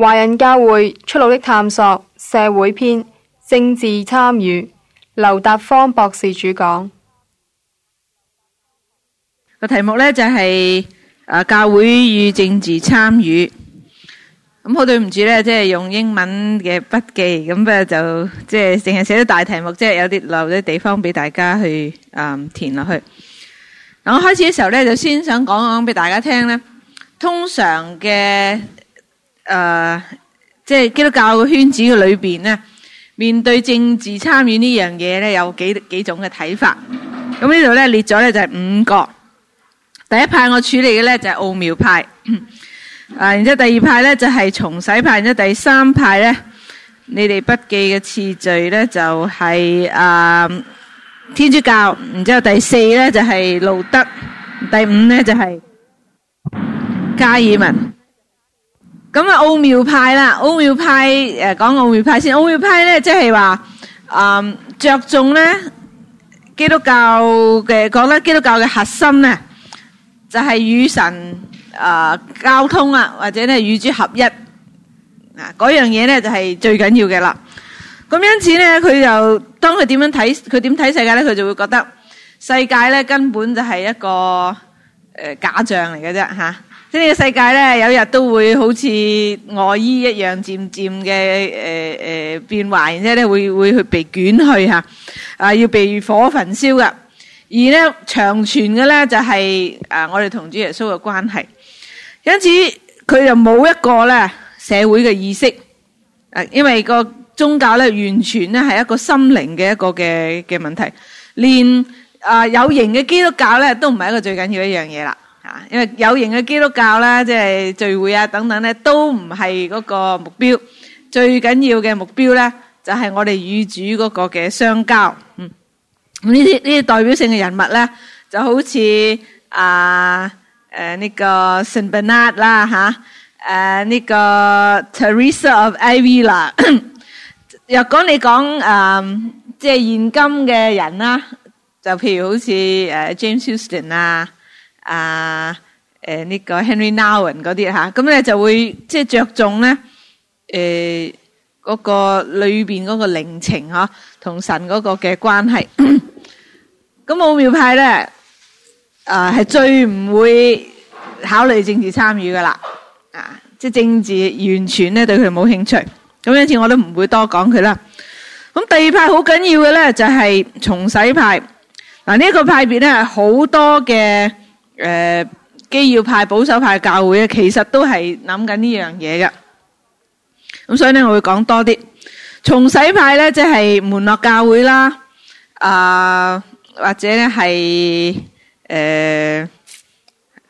.華人教會出路的探索，社會篇，政治參與，劉達芳博士主講。個題目呢，就係、是、誒教會與政治參與。咁、嗯、好對唔住呢，即、就、係、是、用英文嘅筆記，咁誒就即係淨係寫咗大題目，即、就、係、是、有啲漏啲地方俾大家去誒、嗯、填落去。咁我開始嘅時候呢，就先想講講俾大家聽呢，通常嘅。誒、呃，即、就、係、是、基督教嘅圈子嘅裏邊呢，面對政治參與呢樣嘢呢，有幾幾種嘅睇法。咁呢度呢，列咗呢，就係五個。第一派我處理嘅呢，就係、是、奧妙派，啊、呃，然之後第二派呢，就係、是、重洗派，然之後第三派呢，你哋筆記嘅次序呢，就係、是、啊、呃、天主教，然之後第四呢，就係、是、路德，第五呢，就係、是、加爾文。咁，奧妙派啦，奧妙派，講奧妙派先，奧妙派呢，即係話，嗯，着重呢，基督教嘅，講緊基督教嘅核心呢，就係與神，呃，交通啦，或者呢，與主合一，呃，嗰樣嘢呢，就係最緊要嘅啦。咁，因此呢，佢就，當佢點樣睇，佢點睇世界呢，佢就會覺得，世界呢，根本就係一個，假象嚟嘅啫吓。即、這、呢個世界咧，有日都會好似外、呃、衣一樣漸漸的，漸漸嘅誒誒變壞，然之咧會會去被捲去吓，啊要被火焚燒噶。而咧長存嘅咧就係、是、啊，我哋同主耶穌嘅關係。因此佢就冇一個咧社會嘅意識，啊，因為個宗教咧完全咧係一個心靈嘅一個嘅嘅問題，連啊有形嘅基督教咧都唔係一個最緊要的一樣嘢啦。因為有形嘅基督教啦，即係聚會啊，等等咧，都唔係嗰個目標。最緊要嘅目標咧，就係我哋與主嗰個嘅相交。嗯，咁呢啲呢啲代表性嘅人物咧，就好似啊誒呢個聖伯納啦吓，誒呢個 Teresa of Avila。若果你講誒即係現今嘅人啦，就譬如好似誒 James Houston 啊。啊，誒、呃、呢、這個 Henry Nowen 嗰啲吓，咁、啊、咧就會即係、就是、着重咧誒嗰個裏面嗰個靈情嗬，同、啊、神嗰個嘅關係。咁奧 妙派咧，啊係最唔會考慮政治參與㗎喇，啊即係、就是、政治完全咧對佢冇興趣。咁因此我都唔會多講佢喇。咁第二派好緊要嘅咧就係、是、重洗派嗱，呢、啊、個、這個派別咧好多嘅。誒，基要派、保守派教會咧，其實都係諗緊呢樣嘢嘅。咁所以咧，我會講多啲。重洗派咧，即係門諾教會啦，啊，或者咧係誒，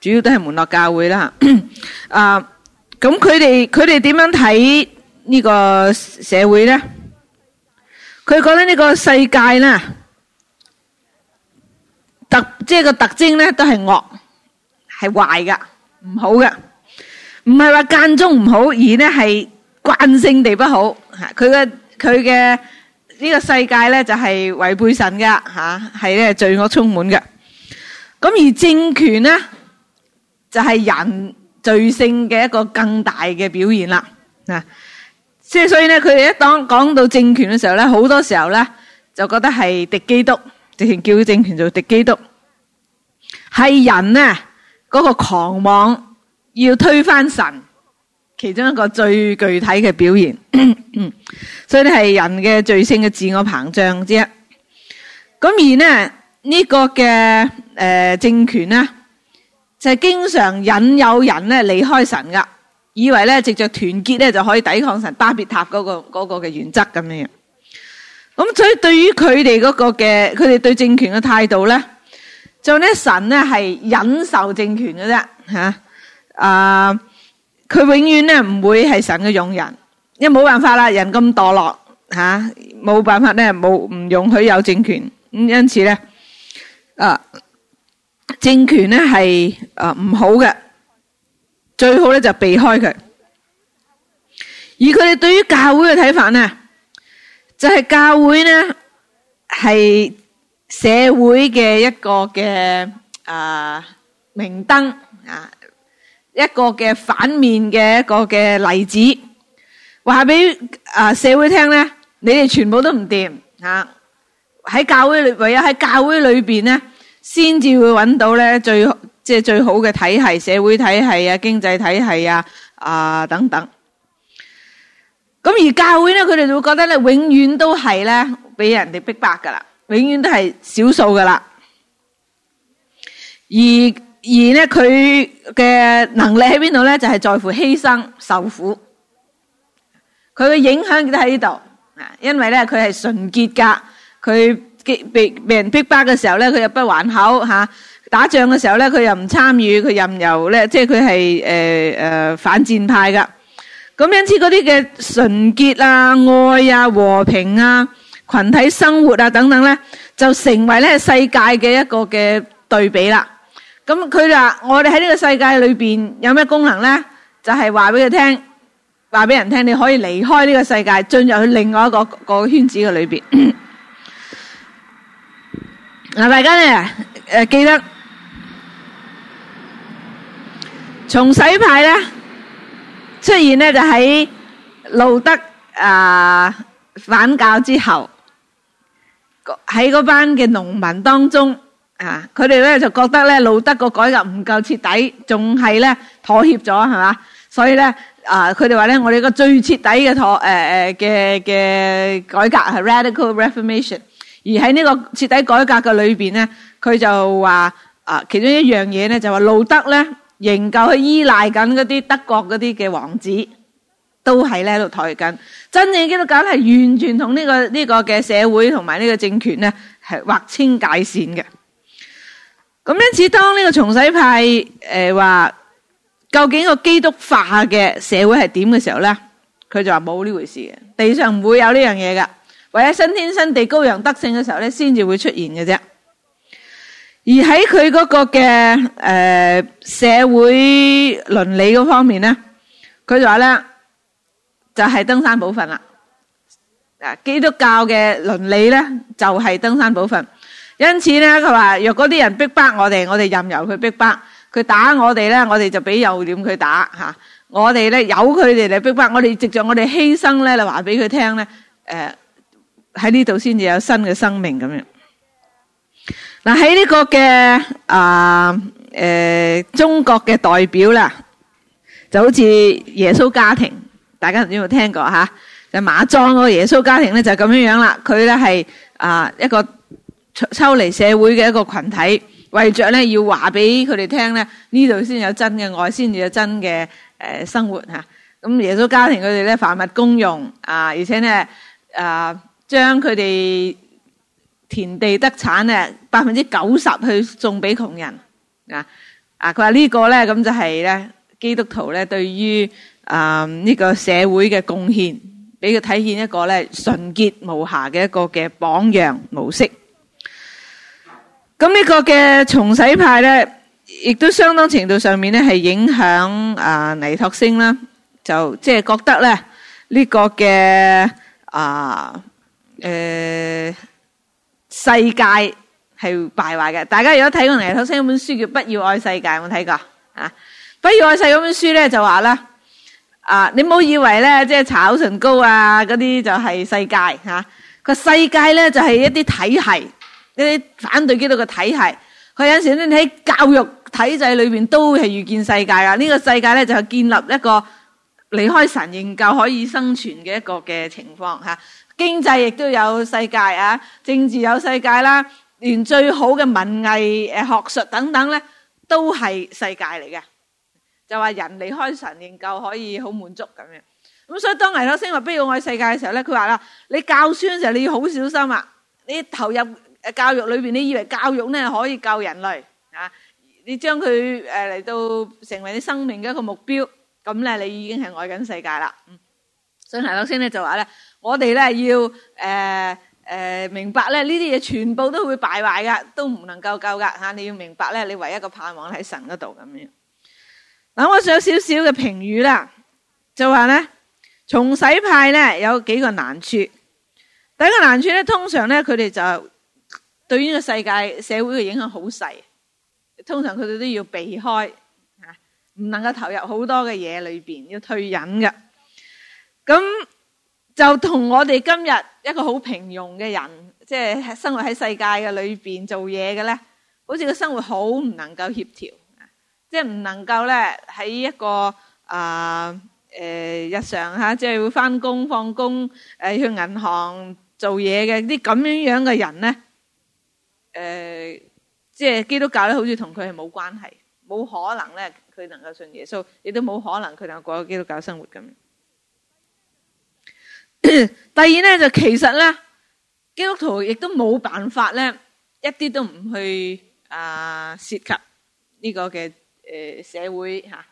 主要都係門諾教會啦。啊，咁佢哋佢哋點樣睇呢個社會咧？佢覺得咧呢個世界咧。特即係、這個特徵咧，都係惡，係壞噶，唔好嘅，唔係話間中唔好，而呢係慣性地不好。吓，佢嘅佢嘅呢個世界咧就係、是、違背神噶吓，係咧罪惡充滿嘅。咁而政權咧就係、是、人罪性嘅一個更大嘅表現啦。嗱，即係所以咧，佢哋一當講到政權嘅時候咧，好多時候咧就覺得係敵基督。之前叫佢政權做敵基督，係人呢嗰、那個狂妄要推翻神，其中一個最具體嘅表現， 所以咧係人嘅罪性嘅自我膨脹之一。咁而呢呢、這個嘅誒、呃、政權呢，就係、是、經常引誘人咧離開神噶，以為咧藉着團結咧就可以抵抗神巴別塔嗰、那個、那個嘅原則咁樣。咁所以對於佢哋嗰個嘅，佢哋對政權嘅態度咧，就呢神咧係忍受政權嘅啫吓，啊，佢、啊、永遠咧唔會係神嘅用人，因為冇辦法啦，人咁墮落吓，冇、啊、辦法咧冇唔容許有政權，咁因此咧，啊，政權咧係啊、唔好嘅，最好咧就避開佢。而佢哋對於教會嘅睇法咧，就係教會咧，係社會嘅一個嘅啊明燈啊，一個嘅反面嘅一個嘅例子，話俾啊社會聽咧，你哋全部都唔掂啊！喺教會裏，唯有喺教會裏邊咧，先至會搵到咧最即係最好嘅體系，社會體系啊，經濟體系啊，啊等等。咁而教會咧，佢哋就會覺得咧，永遠都係咧，俾人哋逼迫噶啦，永遠都係少數噶啦。而而咧，佢嘅能力喺邊度咧，就係在乎犧牲受苦。佢嘅影響亦都喺呢度啊，因為咧佢係純潔噶，佢被被人逼迫嘅，就是，時候咧，佢又不還口吓，打仗嘅時候咧，佢又唔參與，佢任由咧，即係佢係誒誒反戰派噶。咁因此嗰啲嘅純潔啊、愛啊、和平啊、群體生活啊等等咧，就成為咧世界嘅一個嘅對比啦。咁佢話我哋喺呢個世界裏邊有咩功能咧？就係話俾佢聽，話俾人聽，你可以離開呢個世界，進入去另外一個個圈子嘅裏邊。嗱，大家咧，誒，記得從洗牌咧。出現呢，就喺，路德，呃，反教之後，喺嗰班嘅農民當中，呃，佢哋呢，就覺得呢，路德個改革唔夠徹底，仲係呢，妥協咗，係嘛，仍舊去依賴緊嗰啲德國嗰啲嘅王子，都係咧喺度抬緊。真正基督教係完全同呢、這個呢、這個嘅社會同埋呢個政權咧係劃清界線嘅。咁因此，當呢個重洗派誒、呃、話，究竟個基督化嘅社會係點嘅時候咧，佢就話冇呢回事嘅，地上唔會有呢樣嘢噶。或者新天新地高揚德勝嘅時候咧，先至會出現嘅啫。而喺佢嗰個嘅誒社會倫理嗰方面咧，佢就話咧就係登山寶訓啦。啊，基督教嘅倫理咧就係登山寶訓。因此咧，佢話若果啲人逼迫我哋，我哋任由佢逼迫佢打我哋咧，我哋就俾右臉佢打吓。我哋咧由佢哋嚟逼迫，我哋藉着我哋犧牲咧就話俾佢聽咧，誒喺呢度先至有新嘅生命咁樣。嗱，喺呢個嘅啊誒、呃、中國嘅代表啦，就好似耶穌家庭，大家唔知有冇聽過吓？就是、馬莊嗰個耶穌家庭咧就咁樣樣啦，佢咧係啊一個抽離社會嘅一個群體，為着咧要話俾佢哋聽咧，呢度先有真嘅愛，先至有真嘅誒生活吓。咁耶穌家庭佢哋咧凡物公用啊，而且咧啊將佢哋。田地得產咧，百分之九十去送俾窮人啊！啊，佢話呢個咧咁就係咧基督徒咧對於啊呢個社會嘅貢獻，俾佢體現一個咧純潔無瑕嘅一個嘅榜樣模式。咁呢個嘅重洗派咧，亦都相當程度上面咧係影響啊尼托星啦，就即係覺得咧呢個嘅啊誒。世界係敗壞嘅，大家如果睇過嚟頭先嗰本書叫《不要愛世界》，有冇睇過啊？《不要愛世界》嗰本書咧就話咧，啊，你唔好以為咧，即係炒唇膏啊，嗰啲就係世界吓。個、啊、世界咧就係、是、一啲體系，一啲反對基督嘅體系。佢有陣時咧，你喺教育體制裏邊都係遇見世界啦。呢、這個世界咧就係、是、建立一個離開神仍舊可以生存嘅一個嘅情況吓。啊經濟亦都有世界啊，政治有世界啦，連最好嘅文藝誒學術等等咧，都係世界嚟嘅。就話人離開神，仍舊可以好滿足咁樣。咁所以當尼克生話不要愛世界嘅時候咧，佢話啦，你教書嘅時候你要好小心啊！你投入誒教育裏邊，你以為教育咧可以救人類啊？你將佢誒嚟到成為你生命嘅一個目標，咁咧你已經係愛緊世界啦。嗯，所以尼克生咧就話咧。我哋咧要誒誒、呃呃、明白咧，呢啲嘢全部都會敗壞噶，都唔能夠救噶吓。你要明白咧，你唯一,一個盼望喺神嗰度咁樣。嗱，我想少少嘅評語啦，就話咧，重洗派咧有幾個難處。第一個難處咧，通常咧佢哋就對於呢個世界社會嘅影響好細，通常佢哋都要避開吓，唔、啊、能夠投入好多嘅嘢裏邊，要退隱嘅。咁就同我哋今日一個好平庸嘅人，即係生活喺世界嘅裏邊做嘢嘅咧，好似個生活好唔能夠協調，即係唔能夠咧喺一個啊誒日常吓，即係要翻工放工，誒去銀行做嘢嘅啲咁樣樣嘅人咧，誒即係基督教咧，好似同佢係冇關係，冇可能咧佢能夠信耶穌，亦都冇可能佢能夠過基督教生活咁。 第二咧就其實咧，基督徒亦都冇辦法咧，一啲都唔去啊、呃、涉及呢個嘅誒、呃、社會吓、啊，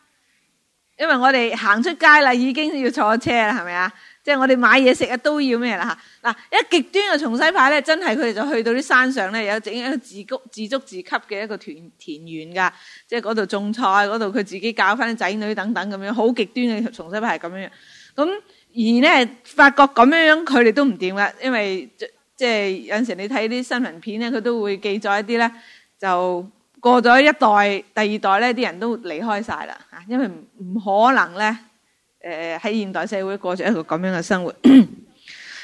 因為我哋行出街啦，已經要坐車啦，係咪、就是、啊？即係我哋買嘢食啊，都要咩啦吓？嗱，一極端嘅重洗派咧，真係佢哋就去到啲山上咧，有整一個自給自足自給嘅一個田田園噶，即係嗰度種菜，嗰度佢自己教翻啲仔女等等咁樣，好極端嘅重洗派係咁樣咁。而咧，發覺咁樣樣佢哋都唔掂啦，因為即係有陣時你睇啲新聞片咧，佢都會記載一啲咧，就過咗一代，第二代咧，啲人都離開曬啦嚇，因為唔可能咧，誒喺現代社會過著一個咁樣嘅生活。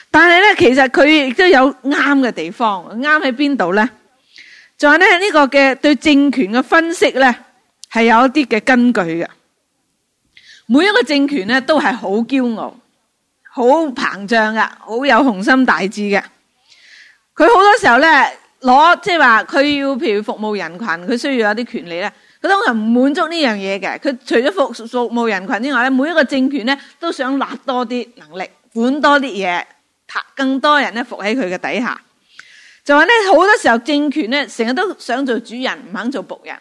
但係咧，其實佢亦都有啱嘅地方，啱喺邊度咧？仲有咧呢個嘅對政權嘅分析咧，係有一啲嘅根據嘅。每一個政權咧都係好驕傲，好膨脹嘅，好有雄心大志嘅。佢好多時候咧，攞即係話佢要譬如服務人群，佢需要有啲權利咧。佢通常唔滿足呢樣嘢嘅。佢除咗服服務人群之外咧，每一個政權咧都想立多啲能力，管多啲嘢，更多人咧伏喺佢嘅底下。就話咧，好多時候政權咧成日都想做主人，唔肯做僕人。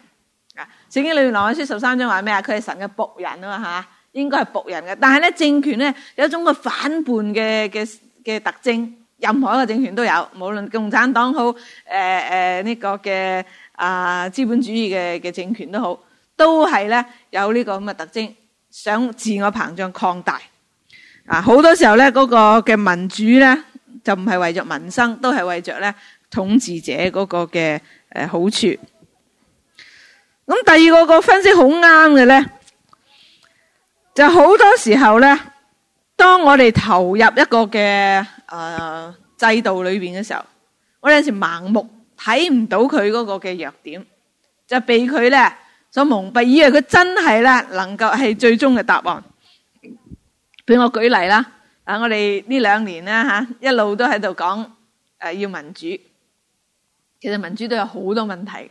聖經裏面羅馬書十三章話咩啊？佢係神嘅僕人啊嘛吓。應該係僕人嘅，但係咧政權咧有一種嘅反叛嘅嘅嘅特徵，任何一個政權都有，無論共產黨好，誒誒呢個嘅啊資本主義嘅嘅政權都好，都係咧有呢個咁嘅特徵，想自我膨脹擴大啊！好多時候咧嗰個嘅民主咧就唔係為着民生，都係為着咧統治者嗰個嘅誒好處。咁第二個個分析好啱嘅咧。就好多時候咧，當我哋投入一個嘅、誒、呃、制度裏邊嘅時候，我有陣時盲目睇唔到佢嗰個嘅弱點，就被佢咧所蒙蔽，以為佢真係咧能夠係最終嘅答案。俾我舉例啦，啊，我哋呢兩年咧吓，一路都喺度講誒要民主，其實民主都有好多問題嘅，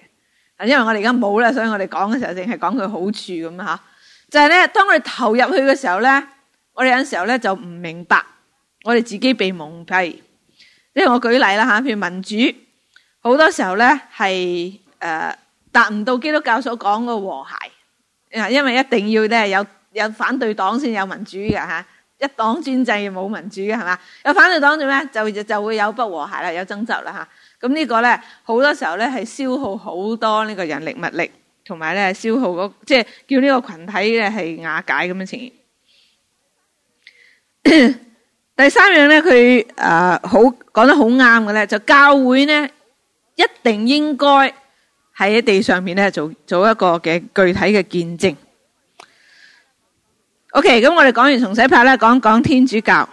啊，因為我哋而家冇啦，所以我哋講嘅時候淨係講佢好處咁吓。就係咧，當我哋投入去嘅時候咧，我哋有時候咧就唔明白，我哋自己被蒙蔽。因為我舉例啦吓，譬如民主，好多時候咧係誒達唔到基督教所講嘅和諧，啊，因為一定要咧有有反對黨先有民主嘅吓，一黨專制冇民主嘅係嘛，有反對黨做咩？就就會有不和諧啦，有爭執啦吓。咁呢個咧好多時候咧係消耗好多呢個人力物力。同埋咧，消耗嗰即係叫呢個群體咧係瓦解咁樣情形。第三樣咧，佢誒好講得好啱嘅咧，就教會咧一定應該喺地上面咧做做一個嘅具體嘅見證。OK，咁我哋講完重洗派咧，講一講天主教。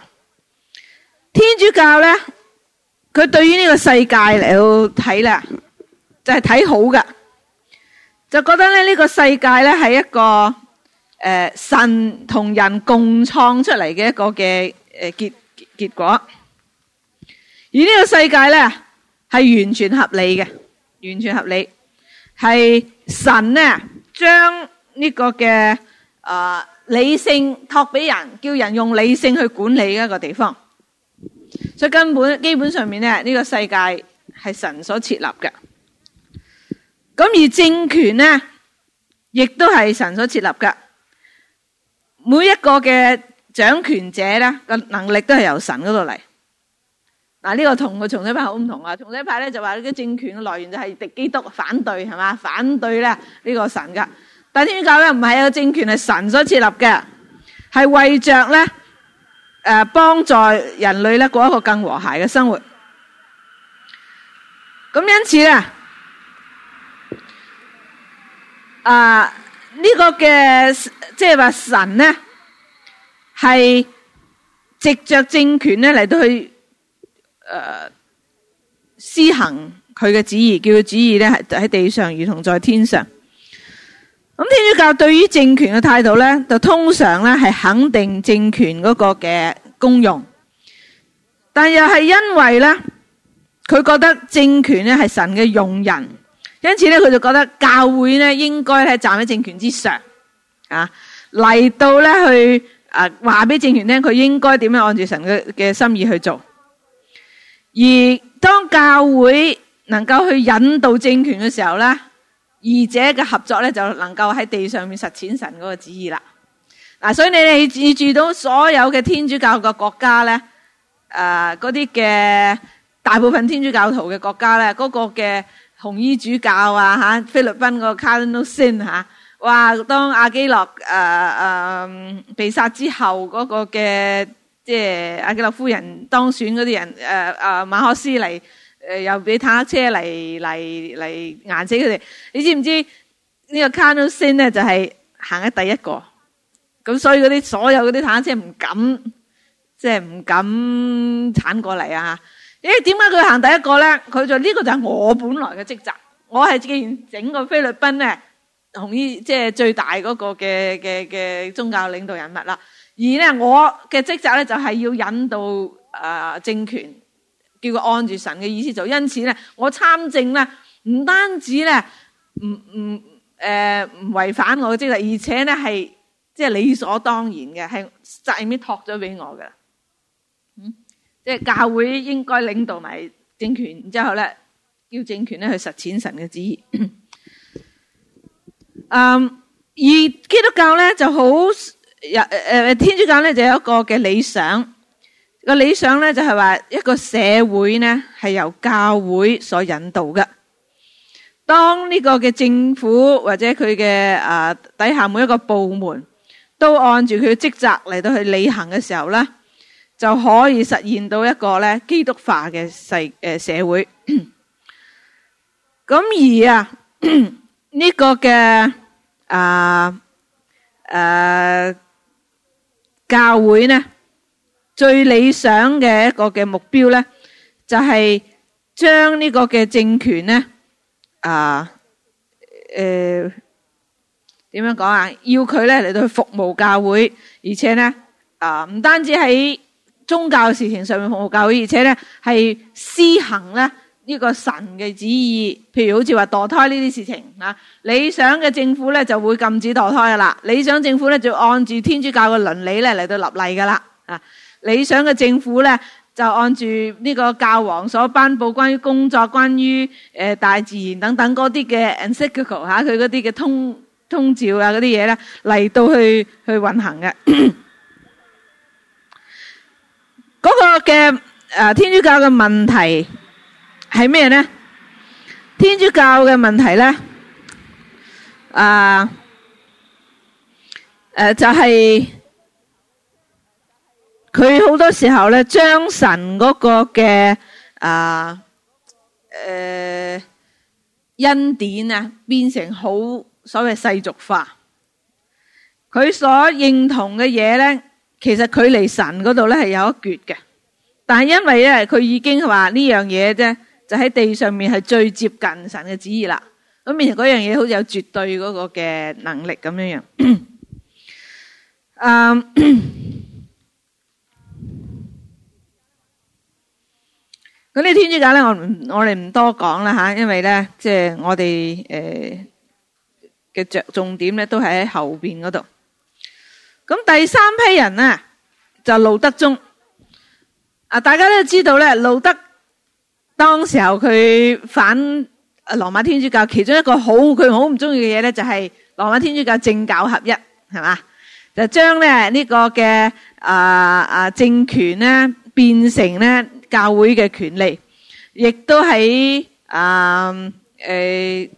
天主教咧，佢對於呢個世界嚟到睇咧，就係睇好噶。就覺得咧呢、呢個世界咧係一個誒、呃、神同人共創出嚟嘅一個嘅誒結結果，而呢個世界咧係完全合理嘅，完全合理係神咧將呢個嘅啊、呃、理性託俾人，叫人用理性去管理嘅一個地方，所以根本基本上面咧呢、呢個世界係神所設立嘅。咁而政權咧，亦都係神所設立嘅。每一個嘅掌權者咧，個能力都係由神嗰度嚟。嗱，呢個同個重洗派好唔同啊！重洗派咧就話呢啲政權嘅來源就係敵基督反對係嘛，反對咧呢個神噶。但天主教咧唔係，一個政權係神所設立嘅，係為着咧誒幫助人類咧過一個更和諧嘅生活。咁因此咧。啊！呢、這個嘅即係話神呢，係藉着政權呢嚟到去誒、啊、施行佢嘅旨意，叫佢旨意呢係喺地上如同在天上。咁、嗯、天主教對於政權嘅態度呢，就通常呢係肯定政權嗰個嘅功用，但又係因為呢，佢覺得政權呢係神嘅用人。因此咧，佢就覺得教會咧應該喺站喺政權之上啊，嚟到咧去誒話俾政權聽，佢應該點樣按住神嘅嘅心意去做。而當教會能夠去引導政權嘅時候咧，二者嘅合作咧就能夠喺地上面實踐神嗰個旨意啦。嗱，所以你哋注意到所有嘅天主教嘅國家咧，誒嗰啲嘅大部分天主教徒嘅國家咧，嗰、嗰個嘅。紅衣主教啊嚇，菲律賓個 Cardinal Sin 嚇、啊，哇！當阿基諾誒誒被殺之後嗰、那個嘅即係阿基諾夫人當選嗰啲人誒誒、呃呃、馬可斯嚟誒、呃、又俾坦克車嚟嚟嚟顏死佢哋，你知唔知呢個 Cardinal Sin 咧就係行喺第一個，咁所以嗰啲所有嗰啲坦克車唔敢，即係唔敢鏟過嚟啊！誒，點解佢行第一個咧？佢就呢個就係我本來嘅職責。我係見整個菲律賓咧，同於即係最大嗰個嘅嘅嘅宗教領導人物啦。而咧我嘅職責咧就係、是、要引導誒、呃、政權，叫佢按住神嘅意思做。因此咧，我參政咧唔單止咧唔唔誒唔違反我嘅職責，而且咧係即係理所當然嘅，係上面託咗俾我嘅。即係教會應該領導埋政權，然之後咧叫政權咧去實踐神嘅旨意。嗯，而基督教咧就好，誒誒，天主教咧就有一個嘅理想，個理想咧就係話一個社會咧係由教會所引導嘅。當呢個嘅政府或者佢嘅誒底下每一個部門都按住佢嘅職責嚟到去履行嘅時候咧。就可以實現到一個咧基督化嘅世誒社會。咁而啊呢個嘅啊誒教會咧最理想嘅一個嘅目標咧，就係將呢個嘅政權咧啊誒點樣講啊？要佢咧嚟到去服務教會，而且咧啊唔單止喺宗教嘅事情上面服務教會，而且咧係施行咧呢個神嘅旨意，譬如好似話墮胎呢啲事情，理想嘅政府咧就會禁止墮胎噶啦，理想政府咧就按住天主教嘅倫理咧嚟到立例噶啦啊，理想嘅政府咧就按住呢個教皇所頒布關於工作、關於大自然等等嗰啲嘅 encyclical 嚇、啊、佢嗰啲嘅通通照啊嗰啲嘢咧嚟到去去運行嘅。 嗰、那個嘅誒、呃，天主教嘅問題係咩咧？天主教嘅問題咧，啊誒、呃，就係佢好多時候咧，將神嗰個嘅啊誒、呃、恩典啊，變成好所謂世俗化，佢所認同嘅嘢咧。其實佢離神嗰度咧係有一橛嘅，但係因為咧佢已經話呢樣嘢啫，就喺地上面係最接近神嘅旨意啦。咁變成嗰樣嘢好似有絕對嗰個嘅能力咁樣樣。咁、嗯、呢、嗯、天主教咧，我唔我哋唔多講啦吓，因為咧即係我哋誒嘅着重點咧都係喺後邊嗰度。咁第三批人咧，就路德宗。啊，大家都知道咧，路德當時候佢反啊羅馬天主教，其中一個好佢好唔中意嘅嘢咧，就係羅馬天主教政教合一，係嘛？就將咧呢個嘅啊啊政權咧變成咧教會嘅權利，亦都喺啊誒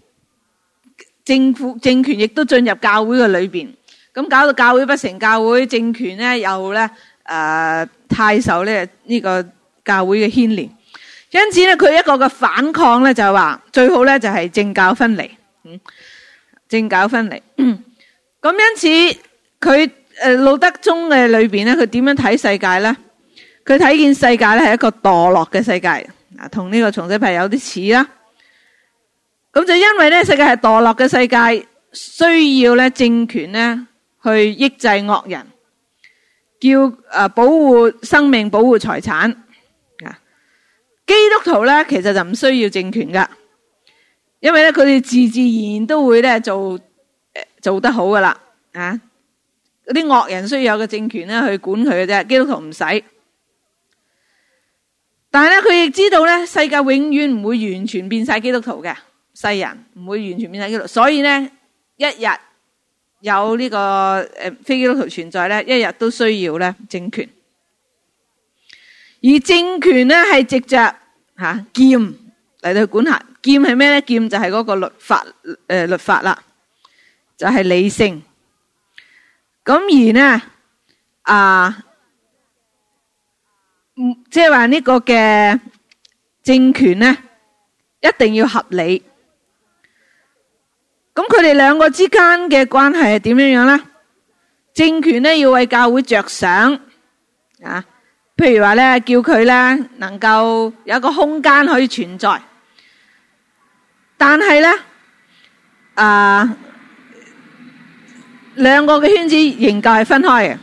政府政權亦都進入教會嘅裏邊。咁搞到教會不成，教會政權咧又咧，誒、呃、太受咧呢、這個教會嘅牽連，因此咧佢一個嘅反抗咧就係話最好咧就係、是、政教分離、嗯，政教分離，咁、嗯、因此佢誒路德宗嘅裏邊咧，佢點樣睇世界咧？佢睇見世界咧係一個墮落嘅世界，啊，同呢個重洗派有啲似啦。咁就因為咧世界係墮落嘅世界，需要咧政權咧。去抑制惡人，叫誒保護生命、保護財產啊！基督徒咧，其實就唔需要政權噶，因為咧佢哋自自然然都會咧做做得好噶啦啊！嗰啲惡人需要有個政權咧去管佢嘅啫，基督徒唔使。但係咧，佢亦知道咧，世界永遠唔會完全變晒基督徒嘅。世人唔會完全變晒基督徒，所以咧，一日，有呢個非基督徒存在呢,一日都需要呢,政權。而政權呢,係藉着劍嚟到管轄。劍係咩呢?劍就係嗰個律法,律法啦,就係理性。噉而呢,即係話呢個嘅政權呢,一定要合理。咁佢哋兩個之間嘅關係係點樣樣呢？政權呢，要為教會着想啊，譬如話呢，叫佢呢能夠有一個空間可以存在，但係呢，誒，兩個嘅圈子仍舊係分開嘅。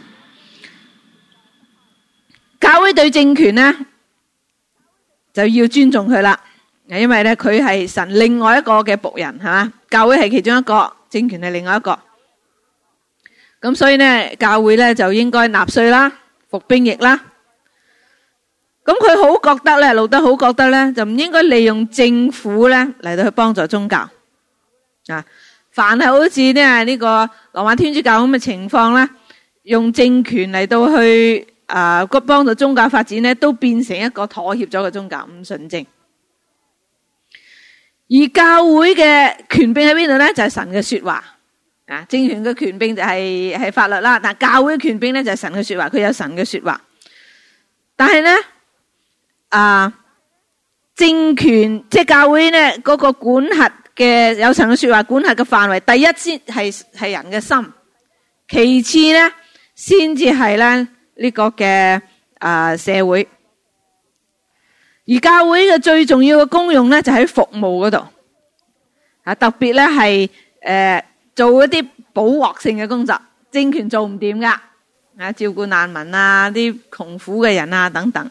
教會對政權呢就要尊重佢啦。因為咧佢係神另外一個嘅僕人係嘛，教會係其中一個，政權係另外一個。咁所以咧教會咧就應該納稅啦，服兵役啦。咁佢好覺得咧，路德好覺得咧，就唔應該利用政府咧嚟到去幫助宗教。啊，凡係好似呢個羅馬天主教咁嘅情況啦，用政權嚟到去啊，個幫助宗教發展咧，都變成一個妥協咗嘅宗教唔純正。而教會嘅權柄喺邊度咧？就係神嘅說話啊！政權嘅權柄就係係法律啦。但教會嘅權柄咧就係神嘅說話，佢有神嘅說話。但係咧啊，政權即係教會咧嗰個管轄嘅有神嘅說話管轄嘅範圍，第一先係係人嘅心，其次咧先至係咧呢個嘅啊社會。而教會嘅最重要嘅功用咧，就喺服務嗰度啊，特別咧係誒做一啲保獲性嘅工作，政權做唔掂噶啊，照顧難民啊，啲窮苦嘅人啊，等等。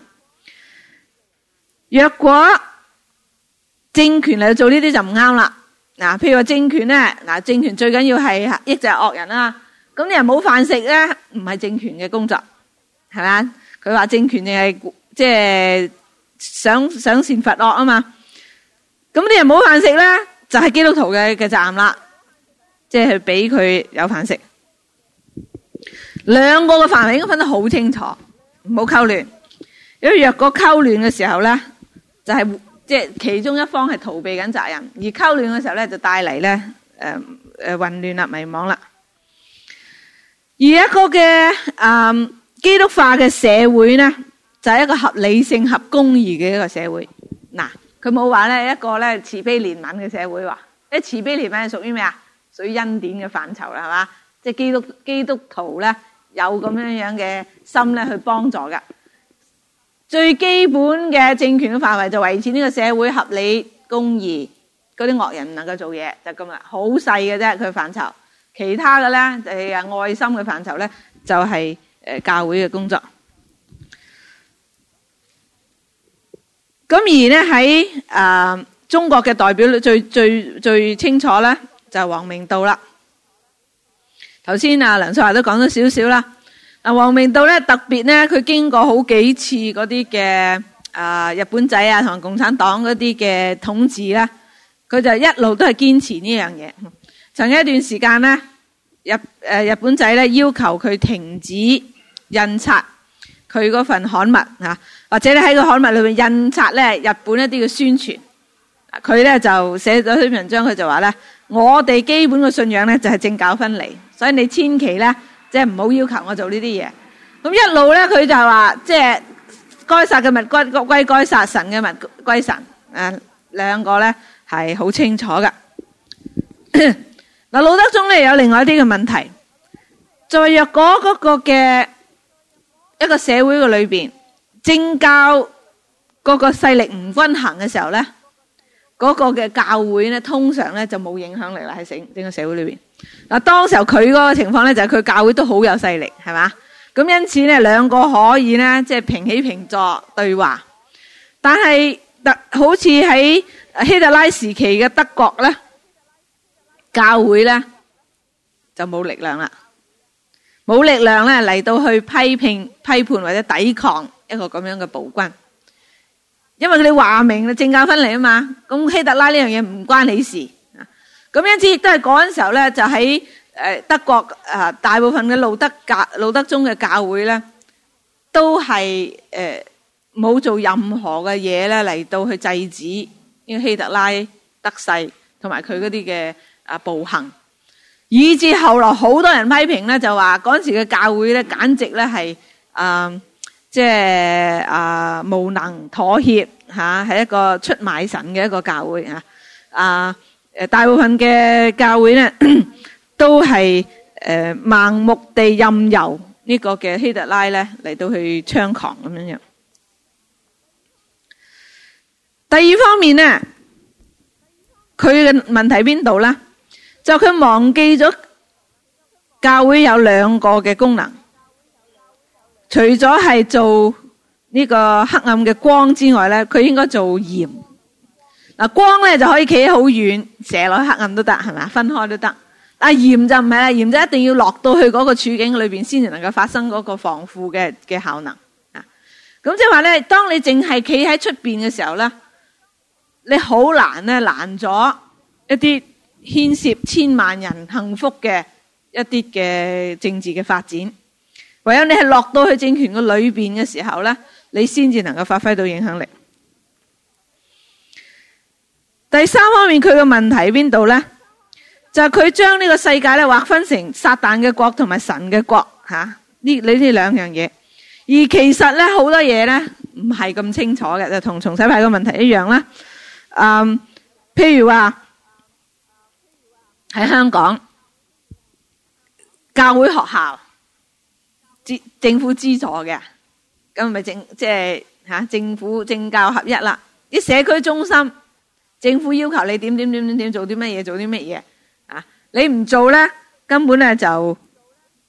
若果政權嚟做呢啲就唔啱啦。嗱，譬如話政權咧，嗱，政權最緊要係抑制惡人啦。咁啲人冇飯食咧，唔係政權嘅工作係咪？佢話政權你係即係。就是想想善罰惡啊嘛，咁啲人冇飯食咧，就係、是、基督徒嘅嘅責任啦，即係俾佢有飯食。兩個嘅範圍應該分得好清楚，唔好溝亂。因為若果溝亂嘅時候咧，就係即係其中一方係逃避緊責任，而溝亂嘅時候咧，就帶嚟咧誒誒混亂啦、迷惘啦。而一個嘅誒、呃、基督化嘅社會咧。就係一個合理性、合公義嘅一個社會。嗱，佢冇話咧一個咧慈悲憐憫嘅社會話，慈悲憐憫係屬於咩啊？屬於恩典嘅範疇啦，係嘛？即係基督基督徒咧有咁樣樣嘅心咧去幫助嘅。最基本嘅政權嘅範圍就維持呢個社會合理公義，嗰啲惡人唔能夠做嘢就咁啦，好細嘅啫佢範疇。其他嘅咧就係啊愛心嘅範疇咧，就係誒教會嘅工作。咁而咧喺誒中國嘅代表最最最清楚咧，就係、是、王明道啦。頭先啊梁素華都講咗少少啦。嗱，王明道咧特別咧，佢經過好幾次嗰啲嘅誒日本仔啊同共產黨嗰啲嘅統治咧，佢就一路都係堅持呢樣嘢。曾經一段時間咧，日誒日本仔咧要求佢停止印刷佢嗰份刊物，啊或者咧喺個刊物裏邊印刷咧日本一啲嘅宣傳，佢咧就寫咗篇文章，佢就話咧我哋基本嘅信仰咧就係政教分離，所以你千祈咧即係唔好要求我做呢啲嘢。咁一路咧佢就話即係該撒嘅物歸歸該撒，神嘅物歸神，誒，兩個咧係好清楚㗎。嗱， 老德中咧有另外一啲嘅問題，就係若果嗰個嘅一個社會嘅裏邊。政教嗰個勢力唔均衡嘅時候咧，嗰、嗰個嘅教會咧通常咧就冇影響力啦，喺整整個社會裏邊。嗱，當時候佢嗰個情況咧就係佢教會都好有勢力，係嘛咁，因此咧兩個可以咧即係平起平坐對話。但係特好似喺希特拉時期嘅德國咧，教會咧就冇力量啦，冇力量咧嚟到去批評、批判或者抵抗。一個咁樣嘅暴君，因為佢哋話明啦政教分離啊嘛，咁希特拉呢樣嘢唔關你事啊。咁因此亦都係嗰陣時候咧，就喺，誒德國啊，大部分嘅路德教路德宗嘅教會咧，都係誒冇做任何嘅嘢咧嚟到去制止呢個希特拉得勢同埋佢嗰啲嘅啊暴行。以至後來好多人批評咧，就話嗰陣時嘅教會咧，簡直咧係啊。即係啊，無能妥協吓，係一個出賣神嘅一個教會啊。啊，誒，大部分嘅教會咧，都係誒盲目地任由呢個嘅希特拉咧，嚟到去猖狂咁樣樣。第二方面咧，佢嘅問題喺邊度咧？就佢忘記咗教會有兩個嘅功能。除咗係做呢個黑暗嘅光之外咧，佢應該做鹽。嗱、呃，光咧就可以企好遠，射落黑暗都得，係咪？分開都得。但鹽就唔係啦，鹽就一定要落到去嗰個處境裏邊，先至能夠發生嗰個防腐嘅嘅效能。咁即係話咧，當你淨係企喺出邊嘅時候咧，你好難咧攔阻一啲牽涉千萬人幸福嘅一啲嘅政治嘅發展。唯有你係落到去政權嘅裏邊嘅時候咧，你先至能夠發揮到影響力。第三方面，佢嘅問題喺邊度咧？就係佢將呢個世界咧劃分成撒旦嘅國同埋神嘅國吓，呢你呢兩樣嘢。而其實咧好多嘢咧唔係咁清楚嘅，就同重洗派嘅問題一樣啦。嗯，譬如話喺香港教會學校。政府資助嘅，咁咪政即係吓政府政教合一啦。啲社區中心，政府要求你點點點點點做啲乜嘢，做啲乜嘢啊？你唔做咧，根本咧就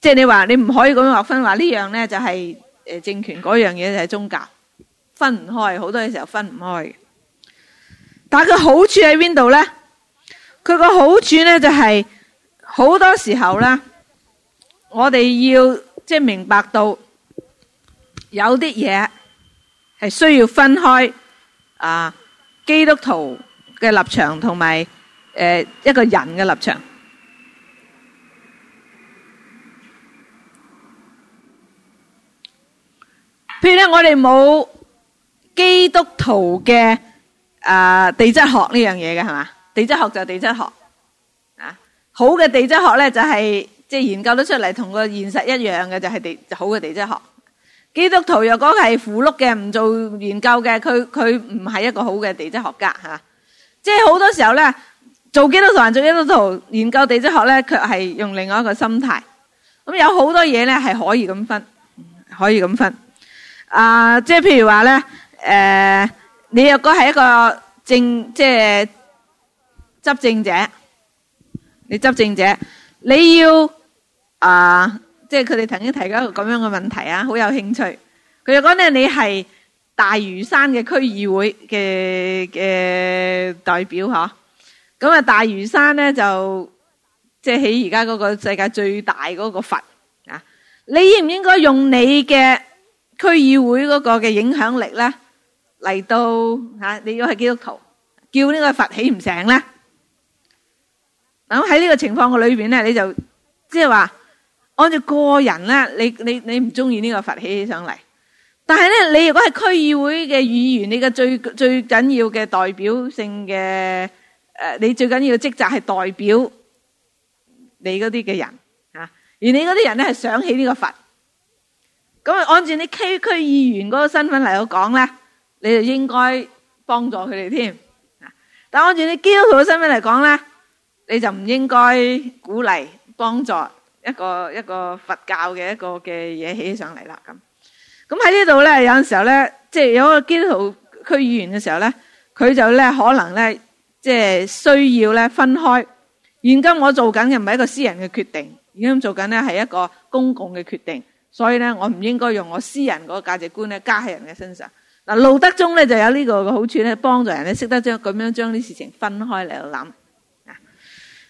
即係、就是，你話你唔可以咁樣劃分，話呢樣咧就係、是、誒、呃、政權那東西，嗰樣嘢就係、是、宗教，分唔開。好多嘢時候分唔開嘅。但係佢好處喺邊度咧？佢個好處咧就係、是、好多時候啦，我哋要。即係明白到有啲嘢係需要分開啊，基督徒嘅立場同埋誒一個人嘅立場。譬如咧，我哋冇基督徒嘅誒地質學呢樣嘢嘅係嘛？地質學就係地質學啊，好嘅地質學咧就係、是。即係研究得出嚟，同個現實一樣嘅，就係地就好嘅地質學。基督徒若果係符碌嘅，唔做研究嘅，佢佢唔係一個好嘅地質學家吓。即係好多時候咧，做基督徒還做基督徒研究地質學咧，卻係用另外一個心態。咁有好多嘢咧係可以咁分，可以咁分。啊，即係譬如話咧，誒，你若果係一個政即係執政者，你執政者你要。啊，即係佢哋曾經提咗一個咁樣嘅問題啊，好有興趣。佢就講咧，你係大嶼山嘅區議會嘅嘅代表嗬，咁啊大嶼山咧就即係起而家嗰個世界最大嗰個佛啊，你應唔應該用你嘅區議會嗰個嘅影響力咧嚟到吓？你要係基督徒，叫呢個佛起唔成咧？咁喺呢個情況嘅裏邊咧，你就即係話。就是按照個人呢，你你你唔中意呢個佛起起上嚟，但係咧，你如果係區議會嘅議員，你嘅最最緊要嘅代表性嘅，誒，你最緊要嘅職責係代表你嗰啲嘅人吓，啊，而你嗰啲人咧係想起呢個佛，咁啊，按照你 K 區議員嗰個身份嚟講咧，你就應該幫助佢哋添，但係按照你基督徒嘅身份嚟講咧，你就唔應該鼓勵幫助。一個一個佛教嘅一個嘅嘢起上嚟啦，咁咁喺呢度咧，有陣時候咧，即係有一個基督徒區議員嘅時候咧，佢就咧可能咧，即係需要咧分開。現今我做緊嘅唔係一個私人嘅決定，而家做緊咧係一個公共嘅決定，所以咧我唔應該用我私人嗰個價值觀咧加喺人嘅身上。嗱，路德宗咧就有呢個嘅好處咧，幫助人咧識得將咁樣將啲事情分開嚟諗。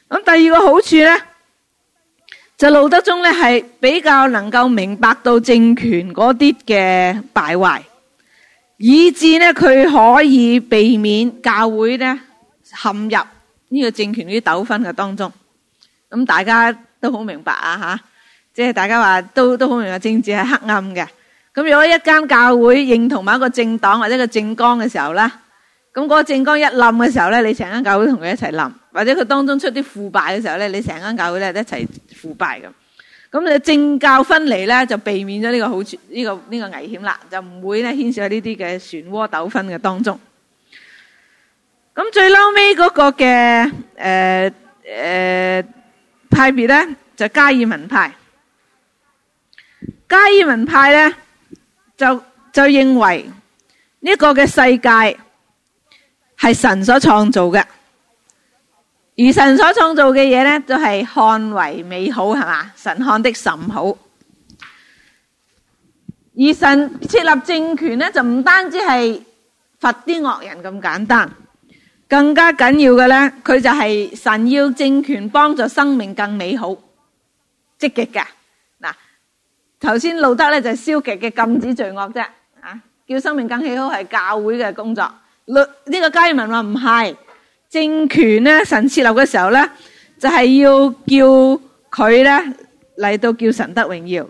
咁第二個好處咧。就路德宗咧，係比較能夠明白到政權嗰啲嘅敗壞，以致咧佢可以避免教會咧陷入呢個政權啲糾紛嘅當中。咁、嗯、大家都好明白啊，吓，即、啊、係、就是、大家話都都好明白政治係黑暗嘅。咁、嗯、如果一間教會認同某一個政黨或者一個政綱嘅時候呢，咁、嗯、嗰、那個政綱一冧嘅時候咧，你成間教會同佢一齊冧。或者佢當中出啲腐敗嘅時候咧，你成間教會咧一齊腐敗咁，咁你政教分離咧就避免咗呢個好處，呢個呢個危險啦，就唔會咧牽涉喺呢啲嘅漩渦糾紛嘅當中。咁最嬲尾嗰個嘅誒誒派別咧就加爾文派，加爾文派咧就就認為呢個嘅世界係神所創造嘅。而神所創造嘅嘢咧，就係、是、看為美好，係嘛？神看的甚好。而神設立政權咧，就唔單止係罰啲惡人咁簡單，更加緊要嘅咧，佢就係神要政權幫助生命更美好，積極嘅。嗱，頭先路德咧就是消極嘅禁止罪惡啫，啊，叫生命更喜好係教會嘅工作。呢、這個加爾文話唔係。政權咧神設立嘅時候咧，就係要叫佢咧嚟到叫神得榮耀，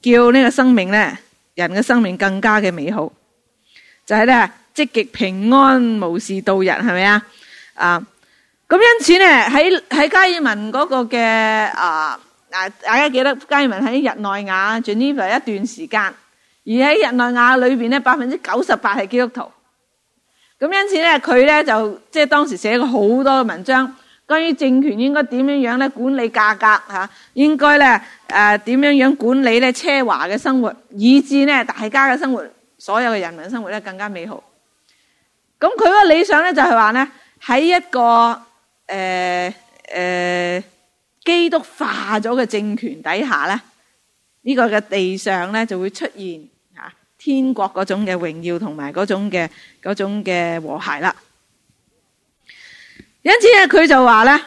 叫呢個生命咧人嘅生命更加嘅美好，就係咧積極平安無事度日，係咪啊？啊，咁因此咧喺喺加爾文嗰個嘅啊嗱，大家記得加爾文喺日內瓦住呢度一段時間，而喺日內瓦裏邊咧，百分之九十八係基督徒。咁因此咧，佢咧就即係、就是、當時寫咗好多文章，關於政權應該點樣樣咧管理價格吓、啊，應該咧誒點樣樣管理咧奢華嘅生活，以致咧大家嘅生活，所有嘅人民生活咧更加美好。咁佢個理想咧就係話咧喺一個誒誒、呃呃、基督化咗嘅政權底下咧，呢、這個嘅地上咧就會出現，天國嗰種嘅榮耀同埋嗰種嘅種嘅和諧啦，因此咧佢就話咧，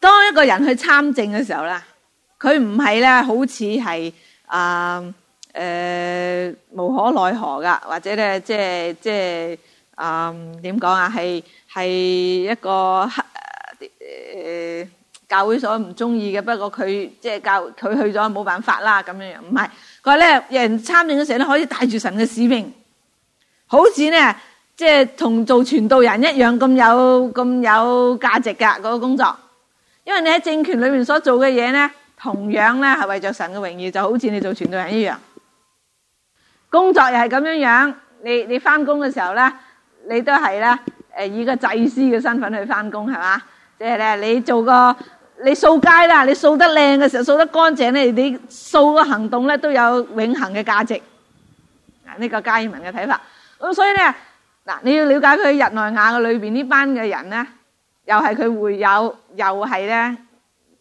當一個人去參政嘅時候咧，佢唔係咧好似係啊誒無可奈何㗎，或者咧即係即係啊點講啊係係一個誒、呃、教會所唔中意嘅，不過佢即係教佢去咗冇辦法啦咁樣樣，唔係。佢咧，人參與嘅時候咧，可以帶住神嘅使命，好似咧，即係同做傳道人一樣咁有咁有價值噶嗰個工作。因為你喺政權裏面所做嘅嘢咧，同樣咧係為着神嘅榮譽，就好似你做傳道人一樣。工作又係咁樣樣。你你翻工嘅時候咧，你都係咧，誒以個祭司嘅身份去翻工係嘛？即係咧，你做個。你掃街啦，你掃得靚嘅時候，掃得乾淨咧，你掃個行動咧都有永恆嘅價值。啊，呢個加爾文嘅睇法。咁所以咧，嗱，你要了解佢日內瓦嘅裏邊呢班嘅人咧，又係佢會有，又係咧，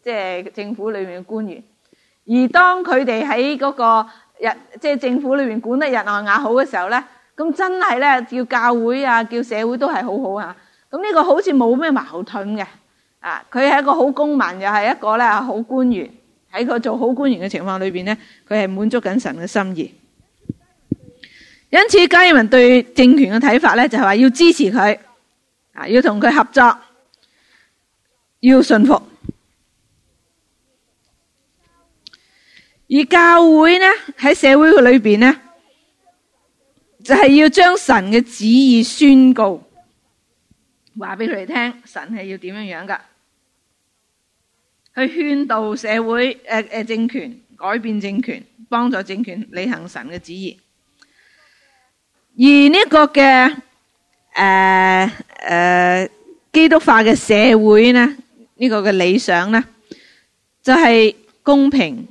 即係政府裏邊嘅官員。而當佢哋喺嗰個日，即係政府裏邊管得日內瓦好嘅時候咧，咁真係咧，叫教會啊，叫社會都係好好吓。咁呢個好似冇咩矛盾嘅。啊！佢係一個好公民，又係一個咧好官員。喺佢做好官員嘅情況裏邊咧，佢係滿足緊神嘅心意。因此，加爾文對政權嘅睇法咧，就係話要支持佢，啊，要同佢合作，要順服。而教會呢，喺社會嘅裏邊呢就係要將神嘅旨意宣告，話俾佢哋聽，神係要點樣樣噶。去勸導社會，誒誒，政權改變政權，幫助政權履行神嘅旨意。而呢個嘅誒誒，基督化嘅社會呢，呢個嘅理想呢，就係公平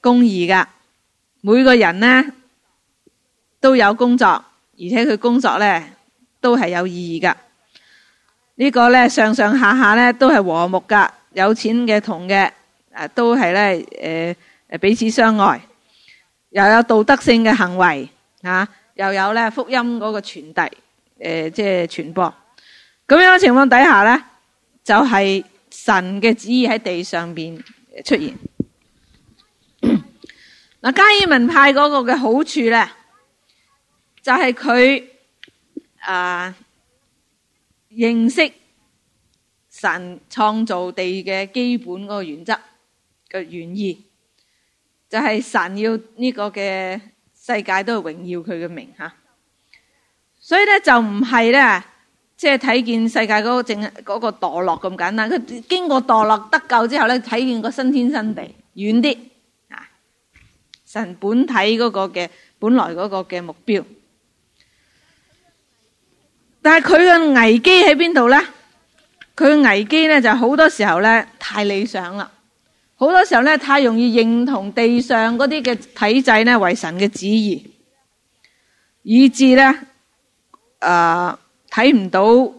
公義噶，每個人呢都有工作，而且佢工作咧都係有意義噶。呢個咧上上下下咧都係和睦噶。有錢嘅同嘅，都係咧，誒、呃、誒，彼此相愛，又有道德性嘅行為，吓、啊，又有咧福音嗰個傳遞，誒、呃，即、就、係、是、傳播。咁樣嘅情況底下咧，就係、是、神嘅旨意喺地上邊出現。嗱、嗯，加爾文派嗰個嘅好處咧，就係佢啊認識。神創造地嘅基本嗰個原則嘅原意，就係、是、神要呢個嘅世界都係榮耀佢嘅名吓。所以咧就唔係咧，即係睇見世界嗰個正個墮落咁簡單。佢經過墮落得救之後咧，睇見個新天新地遠啲啊。神本體嗰個嘅本來嗰個嘅目標，但係佢嘅危機喺邊度咧？佢危機咧，就好多時候咧太理想啦，好多時候咧太容易認同地上嗰啲嘅體制咧為神嘅旨意，以致咧誒睇唔到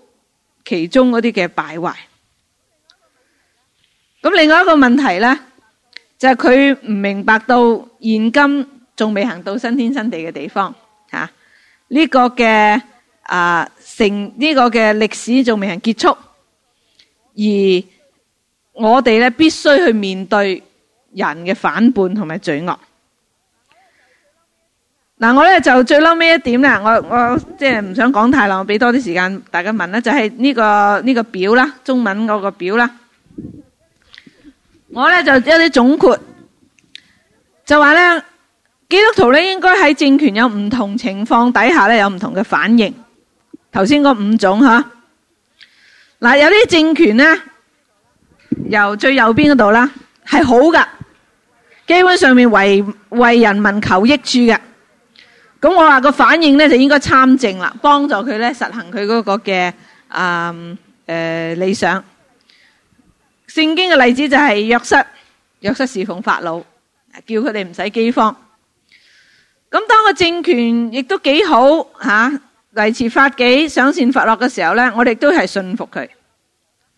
其中嗰啲嘅敗壞。咁另外一個問題咧，就係佢唔明白到現今仲未行到新天新地嘅地方吓，呢、啊這個嘅誒、呃、成呢、這個嘅歷史仲未行結束。而我哋咧必須去面對人嘅反叛同埋罪惡。嗱、啊，我咧就最嬲尾一點啦，我我即係唔想講太耐，我俾多啲時間大家問啦。就係、是、呢、呢個呢、呢個表啦，中文嗰個表啦。我咧就一啲總括，就話咧基督徒咧應該喺政權有唔同情況底下咧有唔同嘅反應。頭先嗰五種吓。嗱，有啲政權咧，由最右邊嗰度啦，係好噶，基本上面為為人民求益處嘅。咁我話個反應咧就應該參政啦，幫助佢咧實行佢嗰個嘅誒誒理想。聖經嘅例子就係約瑟，約瑟侍奉法老，叫佢哋唔使饑荒。咁當個政權亦都幾好吓。啊維持法紀、賞善罰惡嘅時候咧，我哋都係信服佢。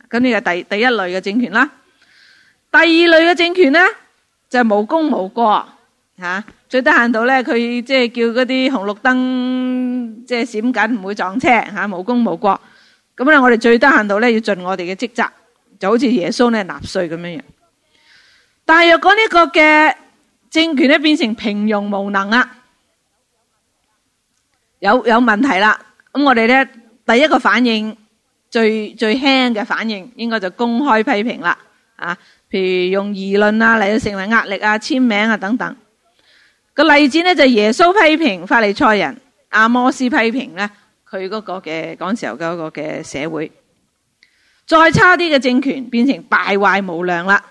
咁呢個第第一類嘅政權啦，第二類嘅政權呢，就係、無功無過吓，最低限度咧佢即係叫嗰啲紅綠燈即係、就是、閃緊，唔會撞車吓，無功無過。咁啊，我哋最低限度咧要盡我哋嘅職責，就好似耶穌咧納稅咁樣樣。但係若果呢個嘅政權咧變成平庸無能啊！有有問題啦，咁我哋咧第一個反應，最最輕嘅反應，應該就公開批評啦，啊，譬如用輿論啊嚟到成為壓力啊、簽名啊等等。個例子咧就是耶穌批評法利賽人，阿摩斯批評咧佢嗰個嘅嗰時候嗰個嘅社會。再差啲嘅政權變成敗壞無量啦。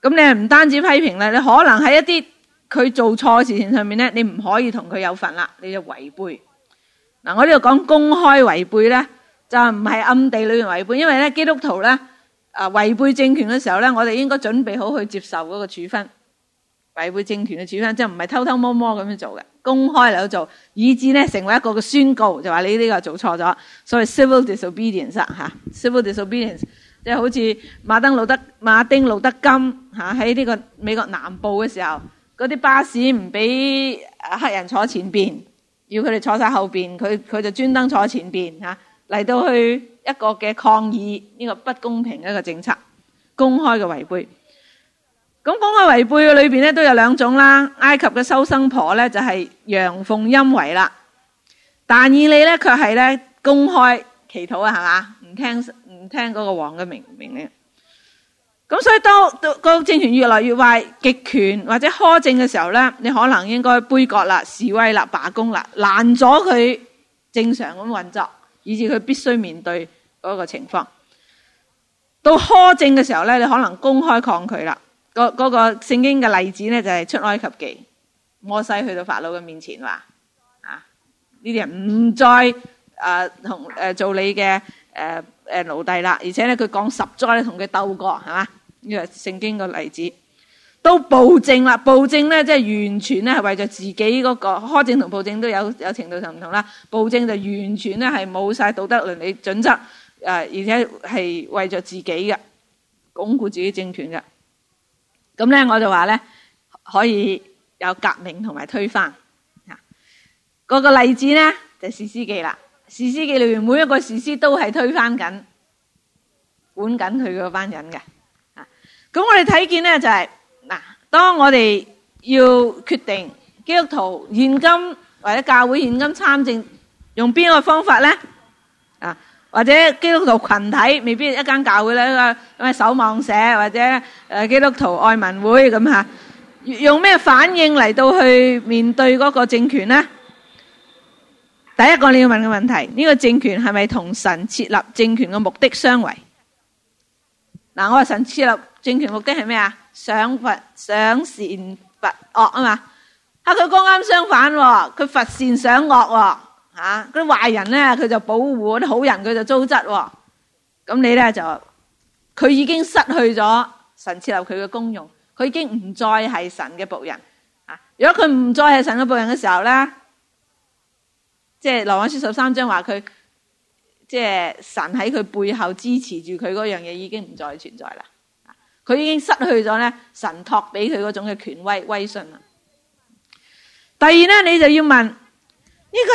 咁你唔單止批評啦，你可能係一啲。佢做錯事情上面咧，你唔可以同佢有份啦，你就違背。嗱、啊，我呢度講公開違背咧，就唔係暗地裏面違背，因為咧基督徒咧啊，違背政權嘅時候咧，我哋應該準備好去接受嗰個處分。違背政權嘅處分，即係唔係偷偷摸摸咁樣做嘅，公開嚟做，以致咧成為一個嘅宣告，就話你呢個做錯咗，所謂 civil disobedience 吓、啊，civil disobedience 即係好似馬丁路德馬丁路德金吓喺呢個美國南部嘅時候。嗰啲巴士唔俾黑人坐前邊，要佢哋坐晒後邊，佢佢就專登坐前邊吓，嚟到去一個嘅抗議呢個不公平嘅一個政策，公開嘅違背。咁公開違背嘅裏邊咧都有兩種啦，埃及嘅收生婆咧就係陽奉陰違啦，但以理咧卻係咧公開祈禱啊，係嘛？唔聽唔聽嗰個王嘅命命令。咁所以當到個政權越來越壞、極權或者苛政嘅時候咧，你可能應該杯葛啦、示威啦、罷工啦，攔阻佢正常咁運作，以至佢必須面對嗰個情況。到苛政嘅時候咧，你可能公開抗拒啦。嗰、嗰個聖經嘅例子咧，就係、是、出埃及記，摩西去到法老嘅面前話：啊呢啲人唔再誒同誒做你嘅誒誒奴隸啦，而且咧佢講十災，同佢鬥過係嘛？因為聖經個例子都暴政啦，暴政咧即係完全咧係為咗自己嗰、那個苛政同暴政都有有程度上唔同啦。暴政就完全咧係冇晒道德倫理準則，誒、呃、而且係為咗自己嘅鞏固自己的政權嘅。咁咧我就話咧可以有革命同埋推翻。嗰、那個例子咧就是、士師記啦，士師記裏面每一個士師都係推翻緊管緊佢嗰班人嘅。咁我哋睇見咧就係嗱，當我哋要決定基督徒現今或者教會現今參政，用邊個方法咧？啊，或者基督徒群體未必一間教會咧，一個咩守望社或者誒基督徒愛民會咁吓，用咩反應嚟,到去面對嗰個政權咧？第一個你要問嘅問題，呢個政權係咪同神設立政權嘅目的相違？嗱，我話神設立。政權目的係咩啊？賞罰，賞善罰惡啊嘛，吓，佢剛啱相反，佢罰善賞惡啊，嗰啲壞人咧佢就保護，嗰啲好人佢就糟質。咁、啊、你咧就佢已經失去咗神設立佢嘅功用，佢已經唔再係神嘅僕人啊！如果佢唔再係神嘅僕人嘅時候咧，即係羅馬書十三章話佢，即、就、係、是、神喺佢背後支持住佢嗰樣嘢已經唔再存在啦。佢已經失去咗咧神託俾佢嗰種嘅權威威信啦。第二咧，你就要問呢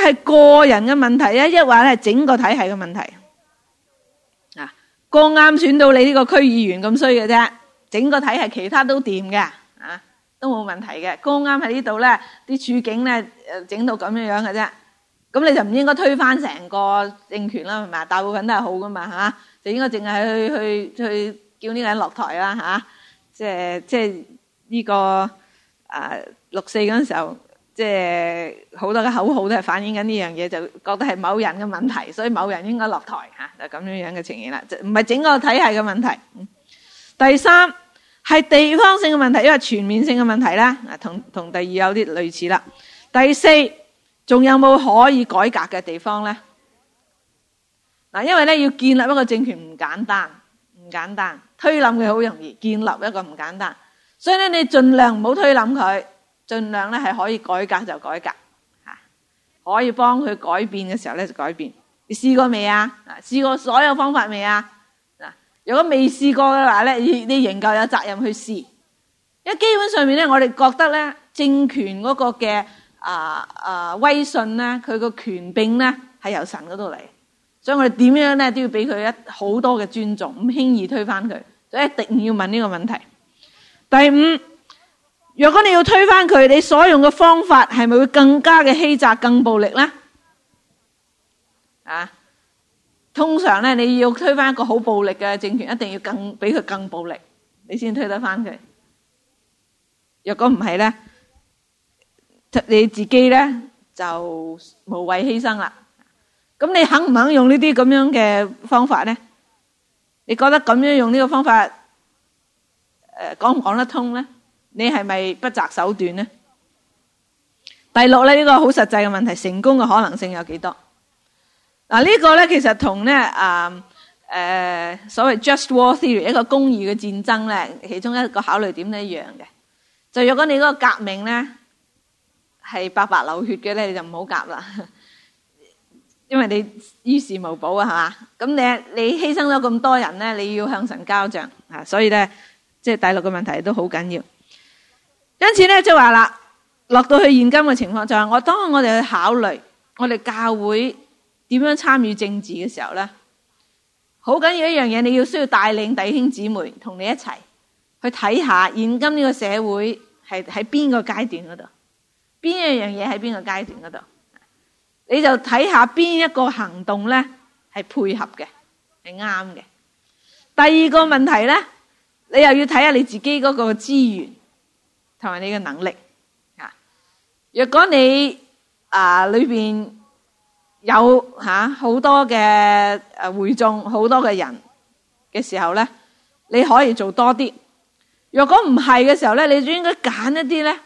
個係個人嘅問題啊，抑或咧係整個體系嘅問題啊。剛啱選到你呢個區議員咁衰嘅啫，整個體系其他都掂嘅啊，都冇問題嘅。剛啱喺呢度咧，啲處境咧誒整到咁樣樣嘅啫。咁你就唔應該推翻成個政權啦，係嘛？大部分都係好噶嘛，吓就應該淨係去去去。叫呢個人落台啦吓、啊，即係即係呢個啊六四嗰陣時候，即係好多嘅口號都係反映緊呢樣嘢，就覺得係某人嘅問題，所以某人應該落台吓、啊，就咁樣樣嘅情形啦，唔係整個體系嘅問題。嗯、第三係地方性嘅問題，因為全面性嘅問題啦，同同第二有啲類似啦。第四仲有冇可以改革嘅地方咧？嗱，因為咧要建立一個政權唔簡單，唔簡單。推冧佢好容易，建立一個唔簡單，所以咧你盡量唔好推冧佢，盡量咧係可以改革就改革，吓可以幫佢改變嘅時候咧就改變。你試過未啊？試過所有方法未啊？嗱，如果未試過嘅話咧，你你仍舊有責任去試。因為基本上面咧，我哋覺得咧，政權嗰個嘅啊啊威信咧，佢個權柄咧係由神嗰度嚟，所以我哋點樣咧都要俾佢一好多嘅尊重，唔輕易推翻佢。所以一定要問呢個問題。第五，若果你要推翻佢，你所用嘅方法係咪會更加嘅欺詐、更暴力咧？啊，通常咧你要推翻一個好暴力嘅政權，一定要更比佢更暴力，你先推得翻佢。若果唔係咧，你自己咧就無謂犧牲啦。咁你肯唔肯用呢啲咁樣嘅方法咧？你覺得咁樣用呢個方法，誒、呃，講唔講得通咧？你係咪不，不擇手段咧？第六咧呢、呢個好實際嘅問題，成功嘅可能性有幾多？嗱、啊呢個、呢個咧其實同咧誒所謂 just war theory 一個公義嘅戰爭咧，其中一個考慮點都一樣嘅。就如果你嗰個革命咧係白白流血嘅咧，你就唔好夾啦。因為你於事無補啊，係嘛？咁你你犧牲咗咁多人咧，你要向神交賬啊！所以咧，即係大陸嘅問題都好緊要。因此咧，即係話啦，落到去現今嘅情況，就是，就係我當我哋去考慮我哋教會點樣參與政治嘅時候咧，好緊要一樣嘢，你要需要帶領弟兄姊妹同你一齊去睇下現今呢個社會係喺邊個階段嗰度，邊一樣嘢喺邊個階段嗰度。你就睇下邊一個行動咧係配合嘅，係啱嘅。第二個問題咧，你又要睇下你自己嗰個資源同埋你嘅能力啊。若果你啊裏邊有吓好、啊、多嘅誒會眾，好多嘅人嘅時候咧，你可以做多啲。若果唔係嘅時候咧，你就應該揀一啲咧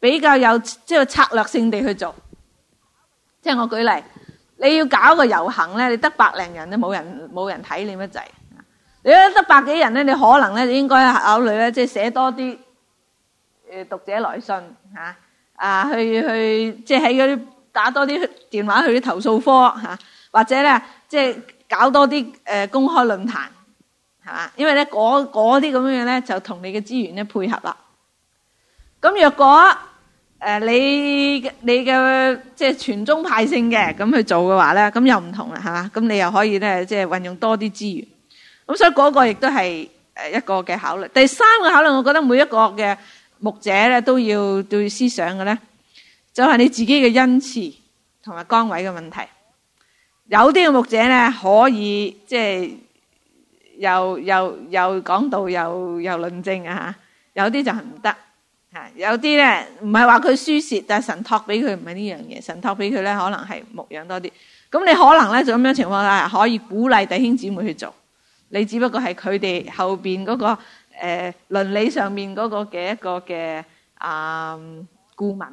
比較有即係、就是、策略性地去做。即係我舉例，你要搞個遊行咧，你得百零人，人人你冇人冇人睇你乜滯。你一得百幾人咧，你可能咧就應該考慮咧，即係寫多啲誒讀者來信吓，啊去去即係喺嗰啲打多啲電話去啲投訴科吓，或者咧即係搞多啲誒公開論壇係嘛，因為咧嗰啲咁樣咧就同你嘅資源咧配合啦。咁若果，誒，你嘅你嘅即係傳宗派性嘅，咁去做嘅話咧，咁又唔同啦，係嘛？咁你又可以咧，即係運用多啲資源。咁所以嗰個亦都係誒一個嘅考慮。第三個考慮，我覺得每一個嘅牧者咧都要對思想嘅，咧就係你自己嘅恩賜同埋崗位嘅問題。有啲嘅牧者咧可以即係又又又講道又又論證啊，吓，有啲就係唔得。有啲咧唔係話佢輸蝕，但係神託俾佢唔係呢樣嘢，神託俾佢咧可能係牧養多啲。咁你可能咧就咁樣情況下，可以鼓勵弟兄姊妹去做。你只不過係佢哋後邊嗰、那個誒、呃、倫理上面嗰個嘅一個嘅啊、呃、顧問